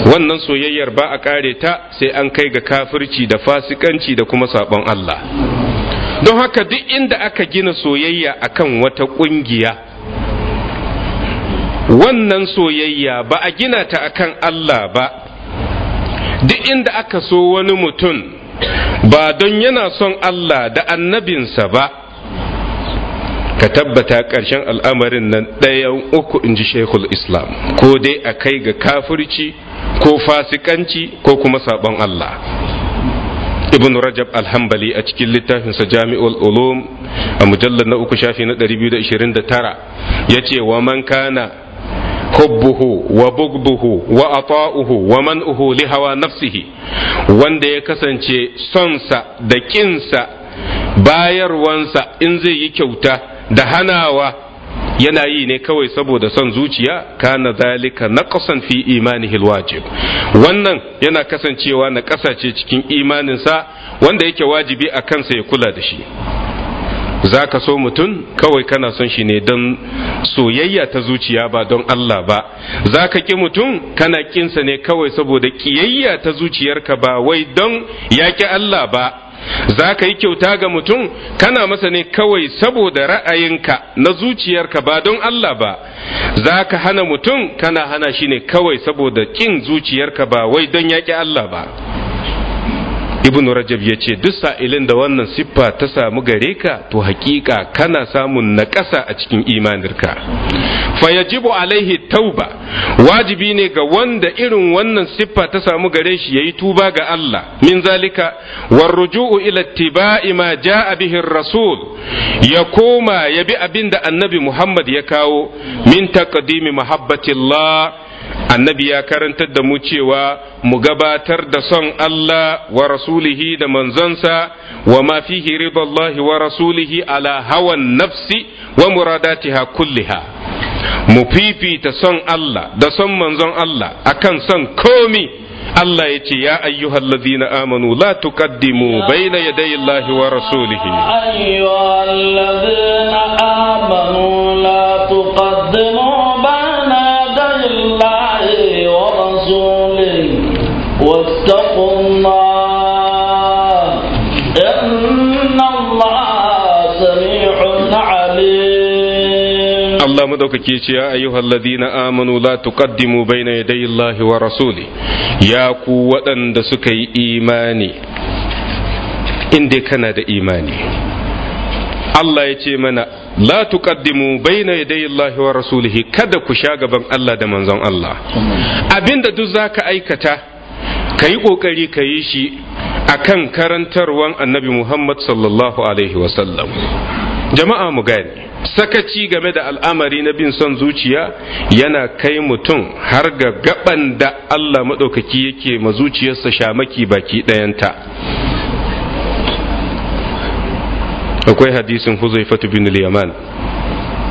wannan soyayyar ba a kare ta sai an kai ga kafirci da fasikanci da kuma sabon Allah don haka duk inda aka gina soyayya akan wata ƙungiya wannan soyayya ba a gina ta akan Allah ba duk inda aka so wani mutum ba don yana son Allah da annabinsa ba ka tabbata ƙarshen al'amarin nan ɗaya uku in ji shekul islam ko dai a kai ga kafirci ko fasikanci ko kuma saɓon Allah ibn rajab alhambali a cikin littafinsa jami'ul ulum a mujallar na uku shafi na 229 ya ce wa man kana hubbuhu wa bugduhu wa ata'uhu wa man'uhu li hawa nafsihi wanda ya kasance sonsa da kinsa bayarwansa in zai yi kyauta da hanawa yana yi ne kawai saboda son zuciya kana zalika naqsan fi imanihi alwajib wannan yana kasancewa na kasace cikin imaninsa wanda yake wajibi a kansa ya kula da shi za ka so mutum kawai kana son shi ne don soyayya ta zuciya ba don Allah ba za ka ƙi mutum kana kinsa ne kawai saboda ƙiyayya ta zuciyarka ba wai don yaƙi Allah ba za ka yi kyauta ga mutum kana masa ne kawai saboda ra'ayinka na zuciyarka ba don Allah ba za ka hana mutum kana hana shi ne kawai saboda kin zuciyarka ba wai don yaƙi Allah ba ibn rajab ya ce duk sa'ilin da wannan siffa ta samu gare ka to hakika kana samun naƙasa a cikin imaninka fa yajibu alaihi tauba wajibi ne ga wanda irin wannan siffa ta samu gare shi yayi tuba ga Allah min zalika war ruju'u ila ittiba'i ma ja'a bihi rasul ya koma ya bi abinda annabi Muhammad ya kawo min taqdimi mahabbatillah annabi ya karantar da mu cewa mu gabatar da son Allah wa rasulihi da manzonsa wa ma fihi ridallahi wa rasulihi ala hawan nafsi wa muradatiha kulliha mu fifita son Allah da son manzon Allah akan son komi Allah ya ce ya ayyuhal ladina amanu la tuqaddimu bayna yadayi wa rasulihi ayyuhal ladina amanu Allah madaukake ce ya ayyuhal ladina amanu la tuqaddimu baina yaday Allahi wa rasuli ya ku waɗanda suka yi imani inda kana da imani Allah ya ce mana la tuqaddimu baina yaday Allahi wa rasulihi kada ku sha gaban Allah da manzon Allah abinda duk zaka aikata kayi kokari yi shi akan karantarwan Annabi Muhammad sallallahu alaihi wa sallam. jama'a mu gani. sakaci game da al'amari na bin son zuciya yana kai mutum har ga gaban da Allah maɗaukaki yake ma zuciyarsa shamaki baki ɗayanta akwai hadisin huzaifatu bin yaman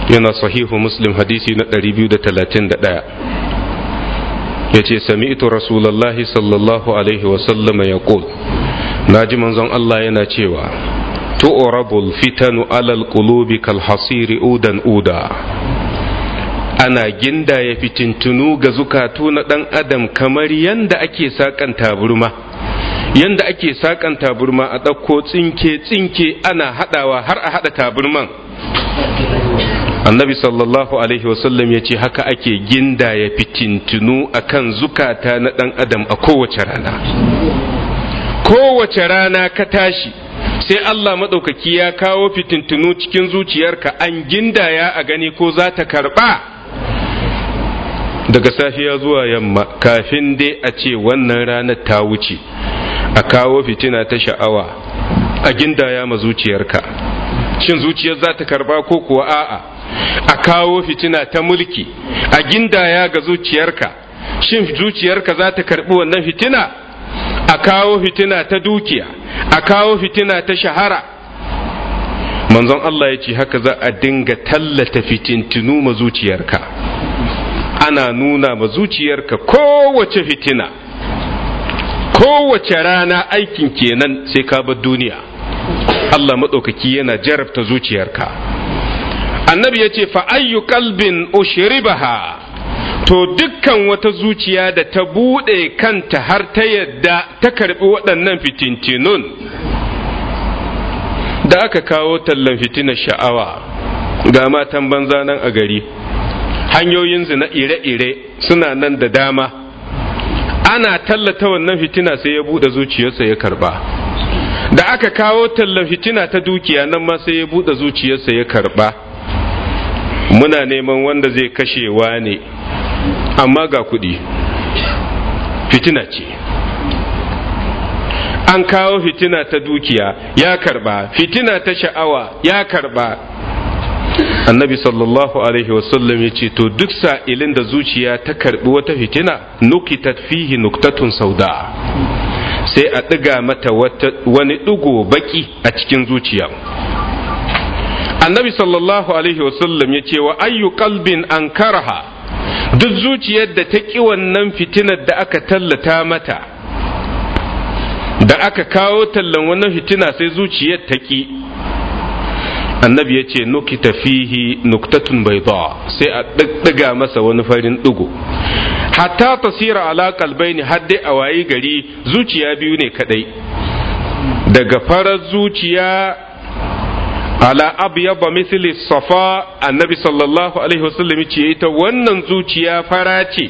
yana sahihu muslim hadisi na 231 Yace, sami'tu rasulullahi sallallahu alaihi wasallama ya na ji manzon Allah yana cewa tu'rabul fitanu alal qulubi hasiri udan uda ana ginda gindaya fitintunu ga zukatu na dan adam kamar yanda ake sakan taburma yanda ake sakan taburma a ɗauko tsinke tsinke ana haɗawa har a hada taburman annabi sallallahu alaihi wasallam ya ce haka ake gindaya fitintunu a kan zukata na ɗan adam a kowace rana kowace rana ka tashi sai Allah maɗaukaki ya kawo fitintunu cikin zuciyarka an gindaya a gani ko za ta karɓa daga safiya zuwa yamma kafin dai a ce wannan ranar ta wuce a kawo fitina ta sha'awa a gindaya ma zuciyarka shin zuciyar za ta karba ko kuwa a'a a kawo fitina ta mulki a gindaya ga zuciyarka shin zuciyarka za ta karbi wannan fitina a kawo fitina ta dukiya a kawo fitina ta shahara manzon Allah ya ce haka za a dinga tallata fitintinu ma zuciyarka ana nuna ma zuciyarka kowace fitina kowace rana aikin kenan sai ka bar duniya Allah maɗaukaki yana jarabta zuciyarka annabi ya ce fa ayyu kalbin ushribaha to dukkan wata zuciya da ta buɗe kanta har ta yadda ta karɓi waɗannan fitintinun da aka kawo tallan fitinar sha'awa ga matan banza nan a gari hanyoyin zina ire-ire suna nan da dama ana tallata wannan fitina sai ya buɗe zuciyarsa ya karba da aka kawo tallan fitina ta dukiya nan ma sai ya buɗe zuciyarsa ya karɓa. muna neman wanda zai kashewa ne amma ga kuɗi fitina ce an kawo fitina ta dukiya ya karba fitina ta sha'awa ya karba annabi sallallahu alaihi wasallam ya ce to duk sa'ilin da zuciya ta karbi wata fitina nukitat fihi nuktatun sauda sai a ɗiga mata wani ɗigo baki a cikin zuciya annabi sallallahu alaihi wasallam ya ce wa ayyu an karaha. duk zuciyar da ta ƙi wannan fitinar da aka tallata mata da aka kawo tallan wannan fitina sai zuciyar ta ƙi annabi ya ce nukita fihi nuktatun bai sai a ɗiga masa wani farin ɗigo hatta tsira ala bai ne dai a wayi gari zuciya biyu ne kaɗai daga farar zuciya ala abyad misli safa annabi sallallahu alaihi wasallam ce ita wannan zuciya fara ce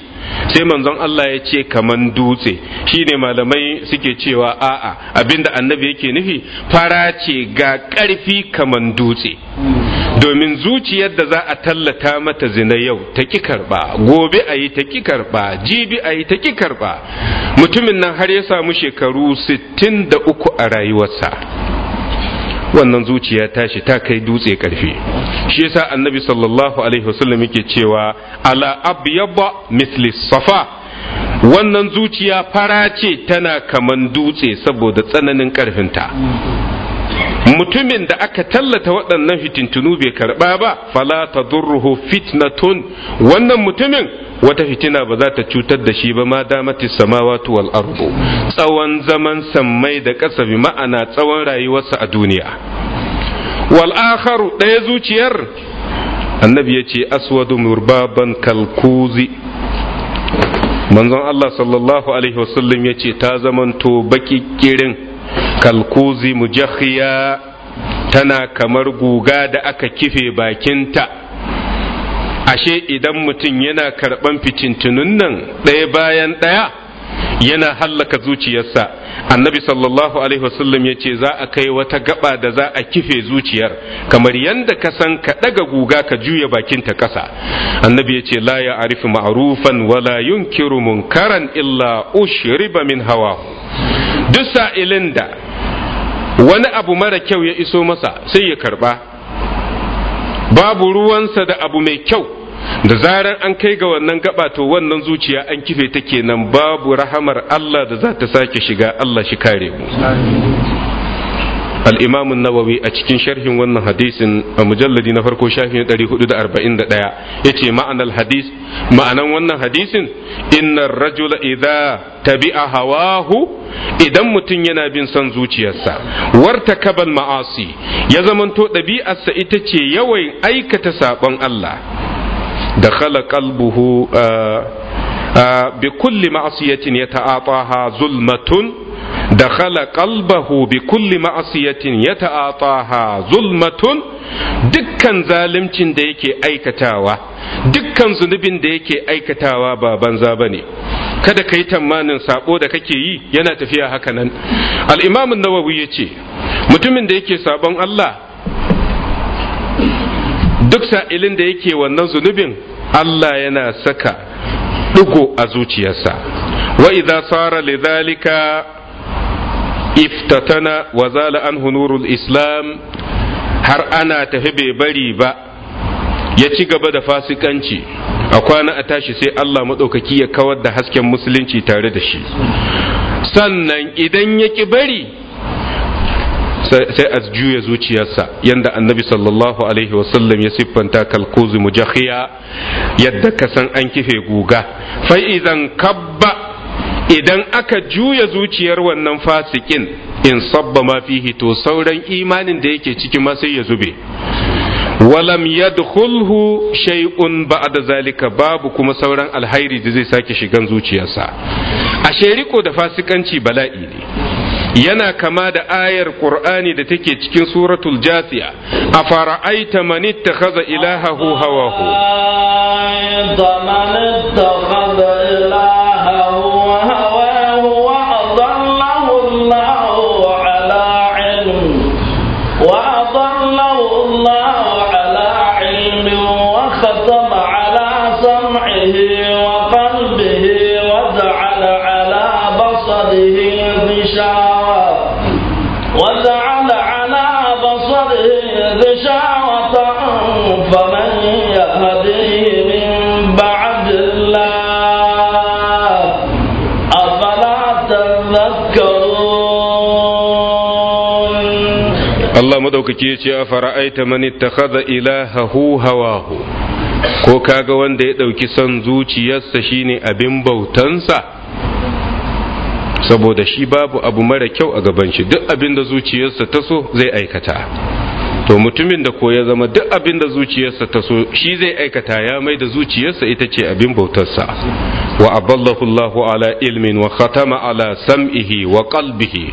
sai manzon Allah ya ce kaman dutse shine malamai suke cewa a'a abinda annabi yake nufi fara ce ga ƙarfi kaman dutse domin zuciyar da za a tallata mata zina yau ta ki karba gobe ayi yi ta ki karba jibi a ta ki karba mutumin nan har ya samu shekaru 63 a rayuwarsa wannan zuciya ta shi ta kai dutse karfi shi yasa annabi sallallahu alaihi wasallam yake cewa ala abyaba misli safa wannan zuciya fara ce tana kaman dutse saboda tsananin karfinta mutumin da aka tallata waɗannan fitintunu bai karɓa ba fala ta durruhu fitnatun wannan mutumin wata fitina ba za ta cutar da shi ba ma damati samawatu wal ardu tsawon zaman sammai da ƙasa bi ma'ana tsawon rayuwarsa a duniya wal akharu ɗaya zuciyar annabi ya ce aswadu murbaban kalkuzi manzon Allah sallallahu alaihi wasallam ya ce ta zamanto baki kirin kalkuzi mujahiya tana kamar guga da aka kife bakinta ashe idan mutum yana karɓan fitintunun nan ɗaya bayan ɗaya yana hallaka zuciyarsa annabi sallallahu alaihi wasallam ya ce za a kai wata gaba da za a kife zuciyar kamar yadda ka san ka ɗaga guga ka juya bakinta ƙasa annabi ya ce la ya arifi ma'rufan wala yunkiru munkaran illa ushriba min hawa duk sa'ilin da wani abu mara kyau ya iso masa sai ya karba babu ruwansa da abu mai kyau da zarar an kai ga wannan gaba to wannan zuciya an kife ta kenan babu rahamar Allah da za ta sake shiga Allah shi kare mu al-imam an a cikin sharhin wannan hadisin a mujalladi na farko shafin 441 yace ma'anar hadis ma'anan wannan hadisin innar rajula idza tabi'a hawahu idan mutum yana bin son zuciyarsa warta kabal ma'asi ya zamanto ɗabi'arsa ita ce yawan aikata sabon Allah da khala qalbuhu ah, ah, bi kulli ma'asiyatin yata'ataha zulmatun دخل قلبه بكل kulli ma'asiyatin yata'ataha zulmatun dukkan zaluncin da yake aikatawa dukkan zunubin da yake aikatawa ba banza bane kada kai tamanin sabo da kake yi yana tafiya haka nan al-imam an-nawawi yace mutumin da yake sabon Allah duk sa'ilin da yake wannan zunubin Allah yana saka ɗigo a zuciyarsa wa idza sara lidhalika iftatana wa zala anhu nurul islam har ana tafi bai bari ba ya ci gaba da fasikanci a kwana a tashi sai Allah maɗaukaki ya kawar da hasken musulunci tare da shi sannan idan ya ki bari sai a juya zuciyarsa yadda annabi sallallahu alaihi wasallam ya siffanta kalkuzu mujahiya yadda ka san an kife guga fa'izan kabba idan aka juya zuciyar wannan fasikin in sabba ma fihi to sauran imanin da yake cikin ma sai ya zube walam yadkhulhu shay'un ba'da zalika babu kuma sauran alhairi da zai sake shigan zuciyarsa a shariko da fasikanci bala'i ne yana kama da ayar Qur'ani da take cikin suratul Jasiya a fara'aita man ittakhadha ilahahu hawahu Allah madaukaki ya ce a fara'aita man ittakhadha ilahahu hawahu ko kaga wanda ya ɗauki son zuciyarsa shine abin bautansa saboda shi babu abu mara kyau a gaban shi duk abin da zuciyarsa ta so zai aikata to mutumin da ko ya zama duk abin da zuciyarsa ta so shi zai aikata ya mai da zuciyarsa ita ce abin bautarsa wa aballahu Allahu ala ilmin wa khatama ala sam'ihi wa qalbihi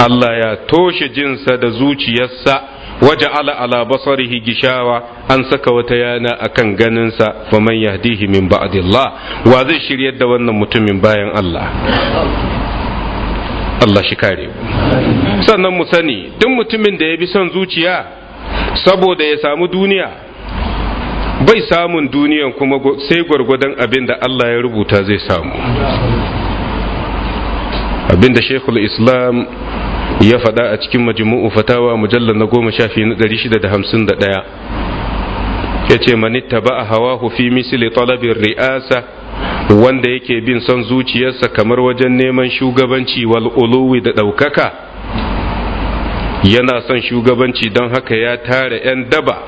Allah ya toshe jinsa da zuciyarsa waje ala ala basarihi gishawa an saka wata yana akan ganinsa man yahdihi min ba'dillah wa zai shiryar da wannan mutumin bayan Allah Allah shi kare sannan mu sani duk mutumin da ya bi son zuciya saboda ya samu duniya bai samun duniyan kuma sai gwargwadon abin da Allah ya rubuta zai samu abin da shekul islam ya faɗa a cikin majmu'u fatawa mujallar na goma shafi na ɗari shida da hamsin da ɗaya ya ce manitta ba a hawa hufi misili talabin ri'asa wanda yake bin son zuciyarsa kamar wajen neman shugabanci wal da ɗaukaka yana son shugabanci don haka ya tara 'yan daba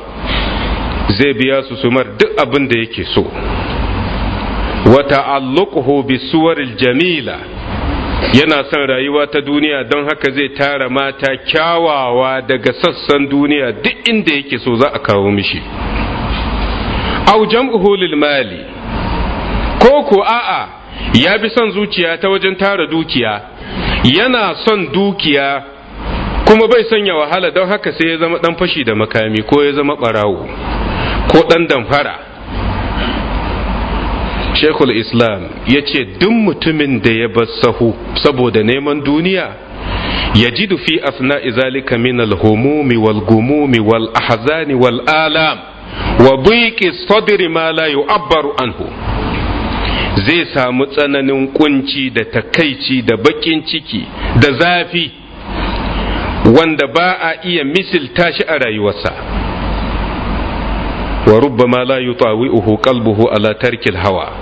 zai biya su sumar duk abin da yake so wata alluqhu bi suwaril jamila yana son rayuwa ta duniya don haka zai tara mata kyawawa daga sassan duniya duk inda yake so za a kawo mishi au jam'uhu lil mali ko ko a'a ya bi son zuciya ta wajen tara dukiya yana son dukiya kuma bai sanya wahala don haka sai ya zama dan fashi da makami ko ya zama barawo ko dan damfara shekul islam ya ce duk mutumin da ya bar sahu saboda neman duniya ya ji fi asna izalika min alhumumi wal gumumi wal wal alam wa biki sadri ma la yu'abbaru anhu zai samu tsananin kunci da takaici da bakin ciki da zafi wanda ba a iya misilta shi a rayuwarsa wa rubbama la yutawi'uhu qalbuhu ala tarkil hawa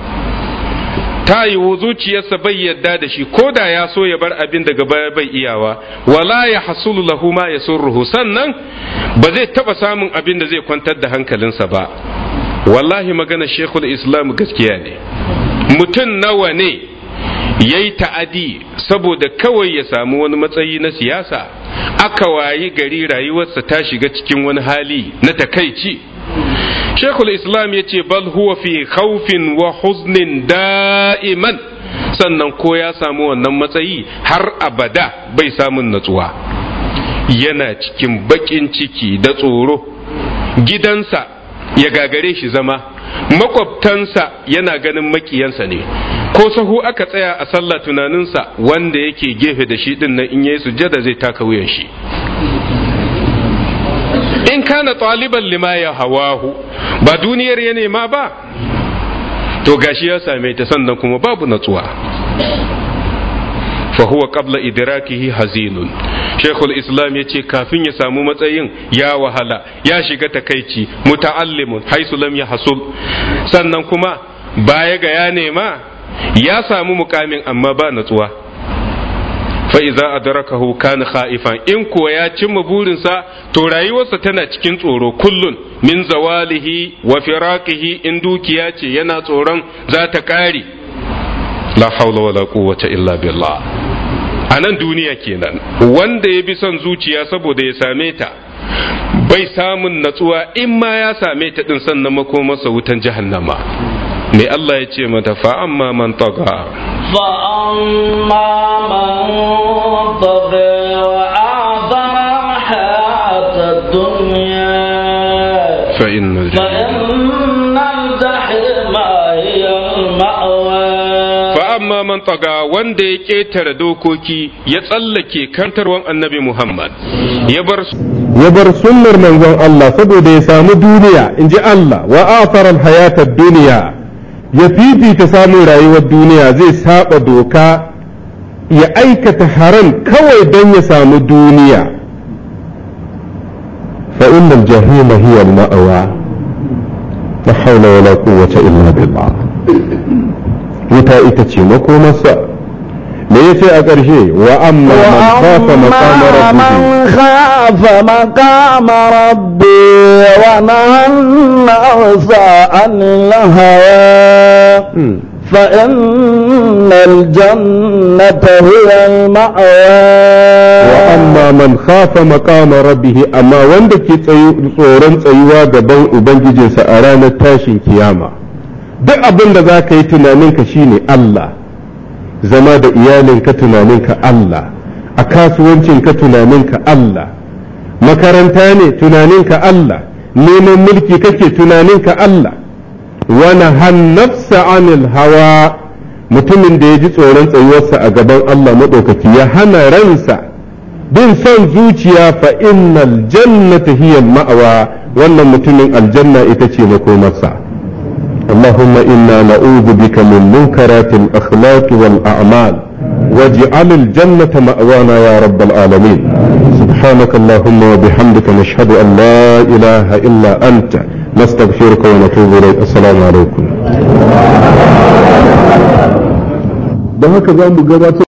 ta yi zuciyarsa bai yadda da shi ko da ya so ya bar abin daga baya bai iyawa wala ya hasulu lahu ma ya surruhu sannan ba zai taba samun abin da zai kwantar da hankalinsa ba wallahi magana shekul islam gaskiya ne mutum nawa ne ya yi ta'adi saboda kawai ya samu wani matsayi na siyasa aka wayi gari rayuwarsa ta shiga cikin wani hali na takaici shekul islam ya ce bal huwa fi khawfin wa huznin da'iman sannan ko ya samu wannan matsayi har abada bai samun natsuwa yana cikin baƙin ciki da tsoro gidansa ya gagare shi zama makwabtansa yana ganin makiyansa ne ko sahu aka tsaya a sallah tunaninsa wanda yake gefe da shi din nan in yayi sujjada zai taka wuyan shi in kana taliban lima ya hawahu ba duniyar ya nema ba to gashi ya same ta sannan kuma babu natsuwa huwa qabla idrakihi hazinun shaykhul islam ya ce kafin ya samu matsayin ya wahala ya shiga takaici muta'allimun haisu lam ya hasul sannan kuma baya ga ya nema ya samu mukamin amma ba natsuwa fa daraka adrakahu kan khaifan in kuwa ya cimma burinsa to rayuwarsa tana cikin tsoro kullun min zawalihi wa firaqihi in dukiya ce yana tsoron za ta kare la haula wala quwwata illa billah a nan duniya kenan wanda ya bi son zuciya saboda ya same ta bai samun natsuwa in ma ya same ta din sannan makomarsa wutan jahannama me Allah ya ce mata fa amma man taga fa amma man taga wa azama hayata dunya fa inna amma man taga wanda ya ketare dokoki ya tsallake kantarwan annabi Muhammad ya bar ya sunnar manzon Allah saboda ya samu duniya in ji Allah wa athara hayata duniya ya fifita samun rayuwar duniya zai saba doka ya aikata haram kawai don ya samu duniya فإن الجحيم هي المأوى لا حول ولا قوة إلا بالله wuta ita ce me yace a ƙarshe hmm. wa amma man khafa maqama man khafa maqama rabbi wa nahana an hawa فإن الجنة هي المأوى man من خاف rabbi amma wanda ke tsoron tsayuwa gaban Ubangijinsa a ranar tashin kiyama duk abin da za ka yi tunaninka shine Allah zama da iyalinka tunaninka Allah a kasuwancinka tunaninka Allah makaranta ne tunaninka Allah neman mulki kake tunaninka Allah wani hannafsa anil hawa mutumin da ya ji tsoron tsayuwarsa a gaban Allah maɗaukaki ya hana ransa bin son zuciya fa innal jannata hiya ma'awa wannan mutumin aljanna ita ce makomarsa اللهم إنا نعوذ بك من منكرات الأخلاق والأعمال واجعل الجنة مأوانا يا رب العالمين سبحانك اللهم وبحمدك نشهد أن لا إله إلا أنت نستغفرك ونتوب إليك السلام عليكم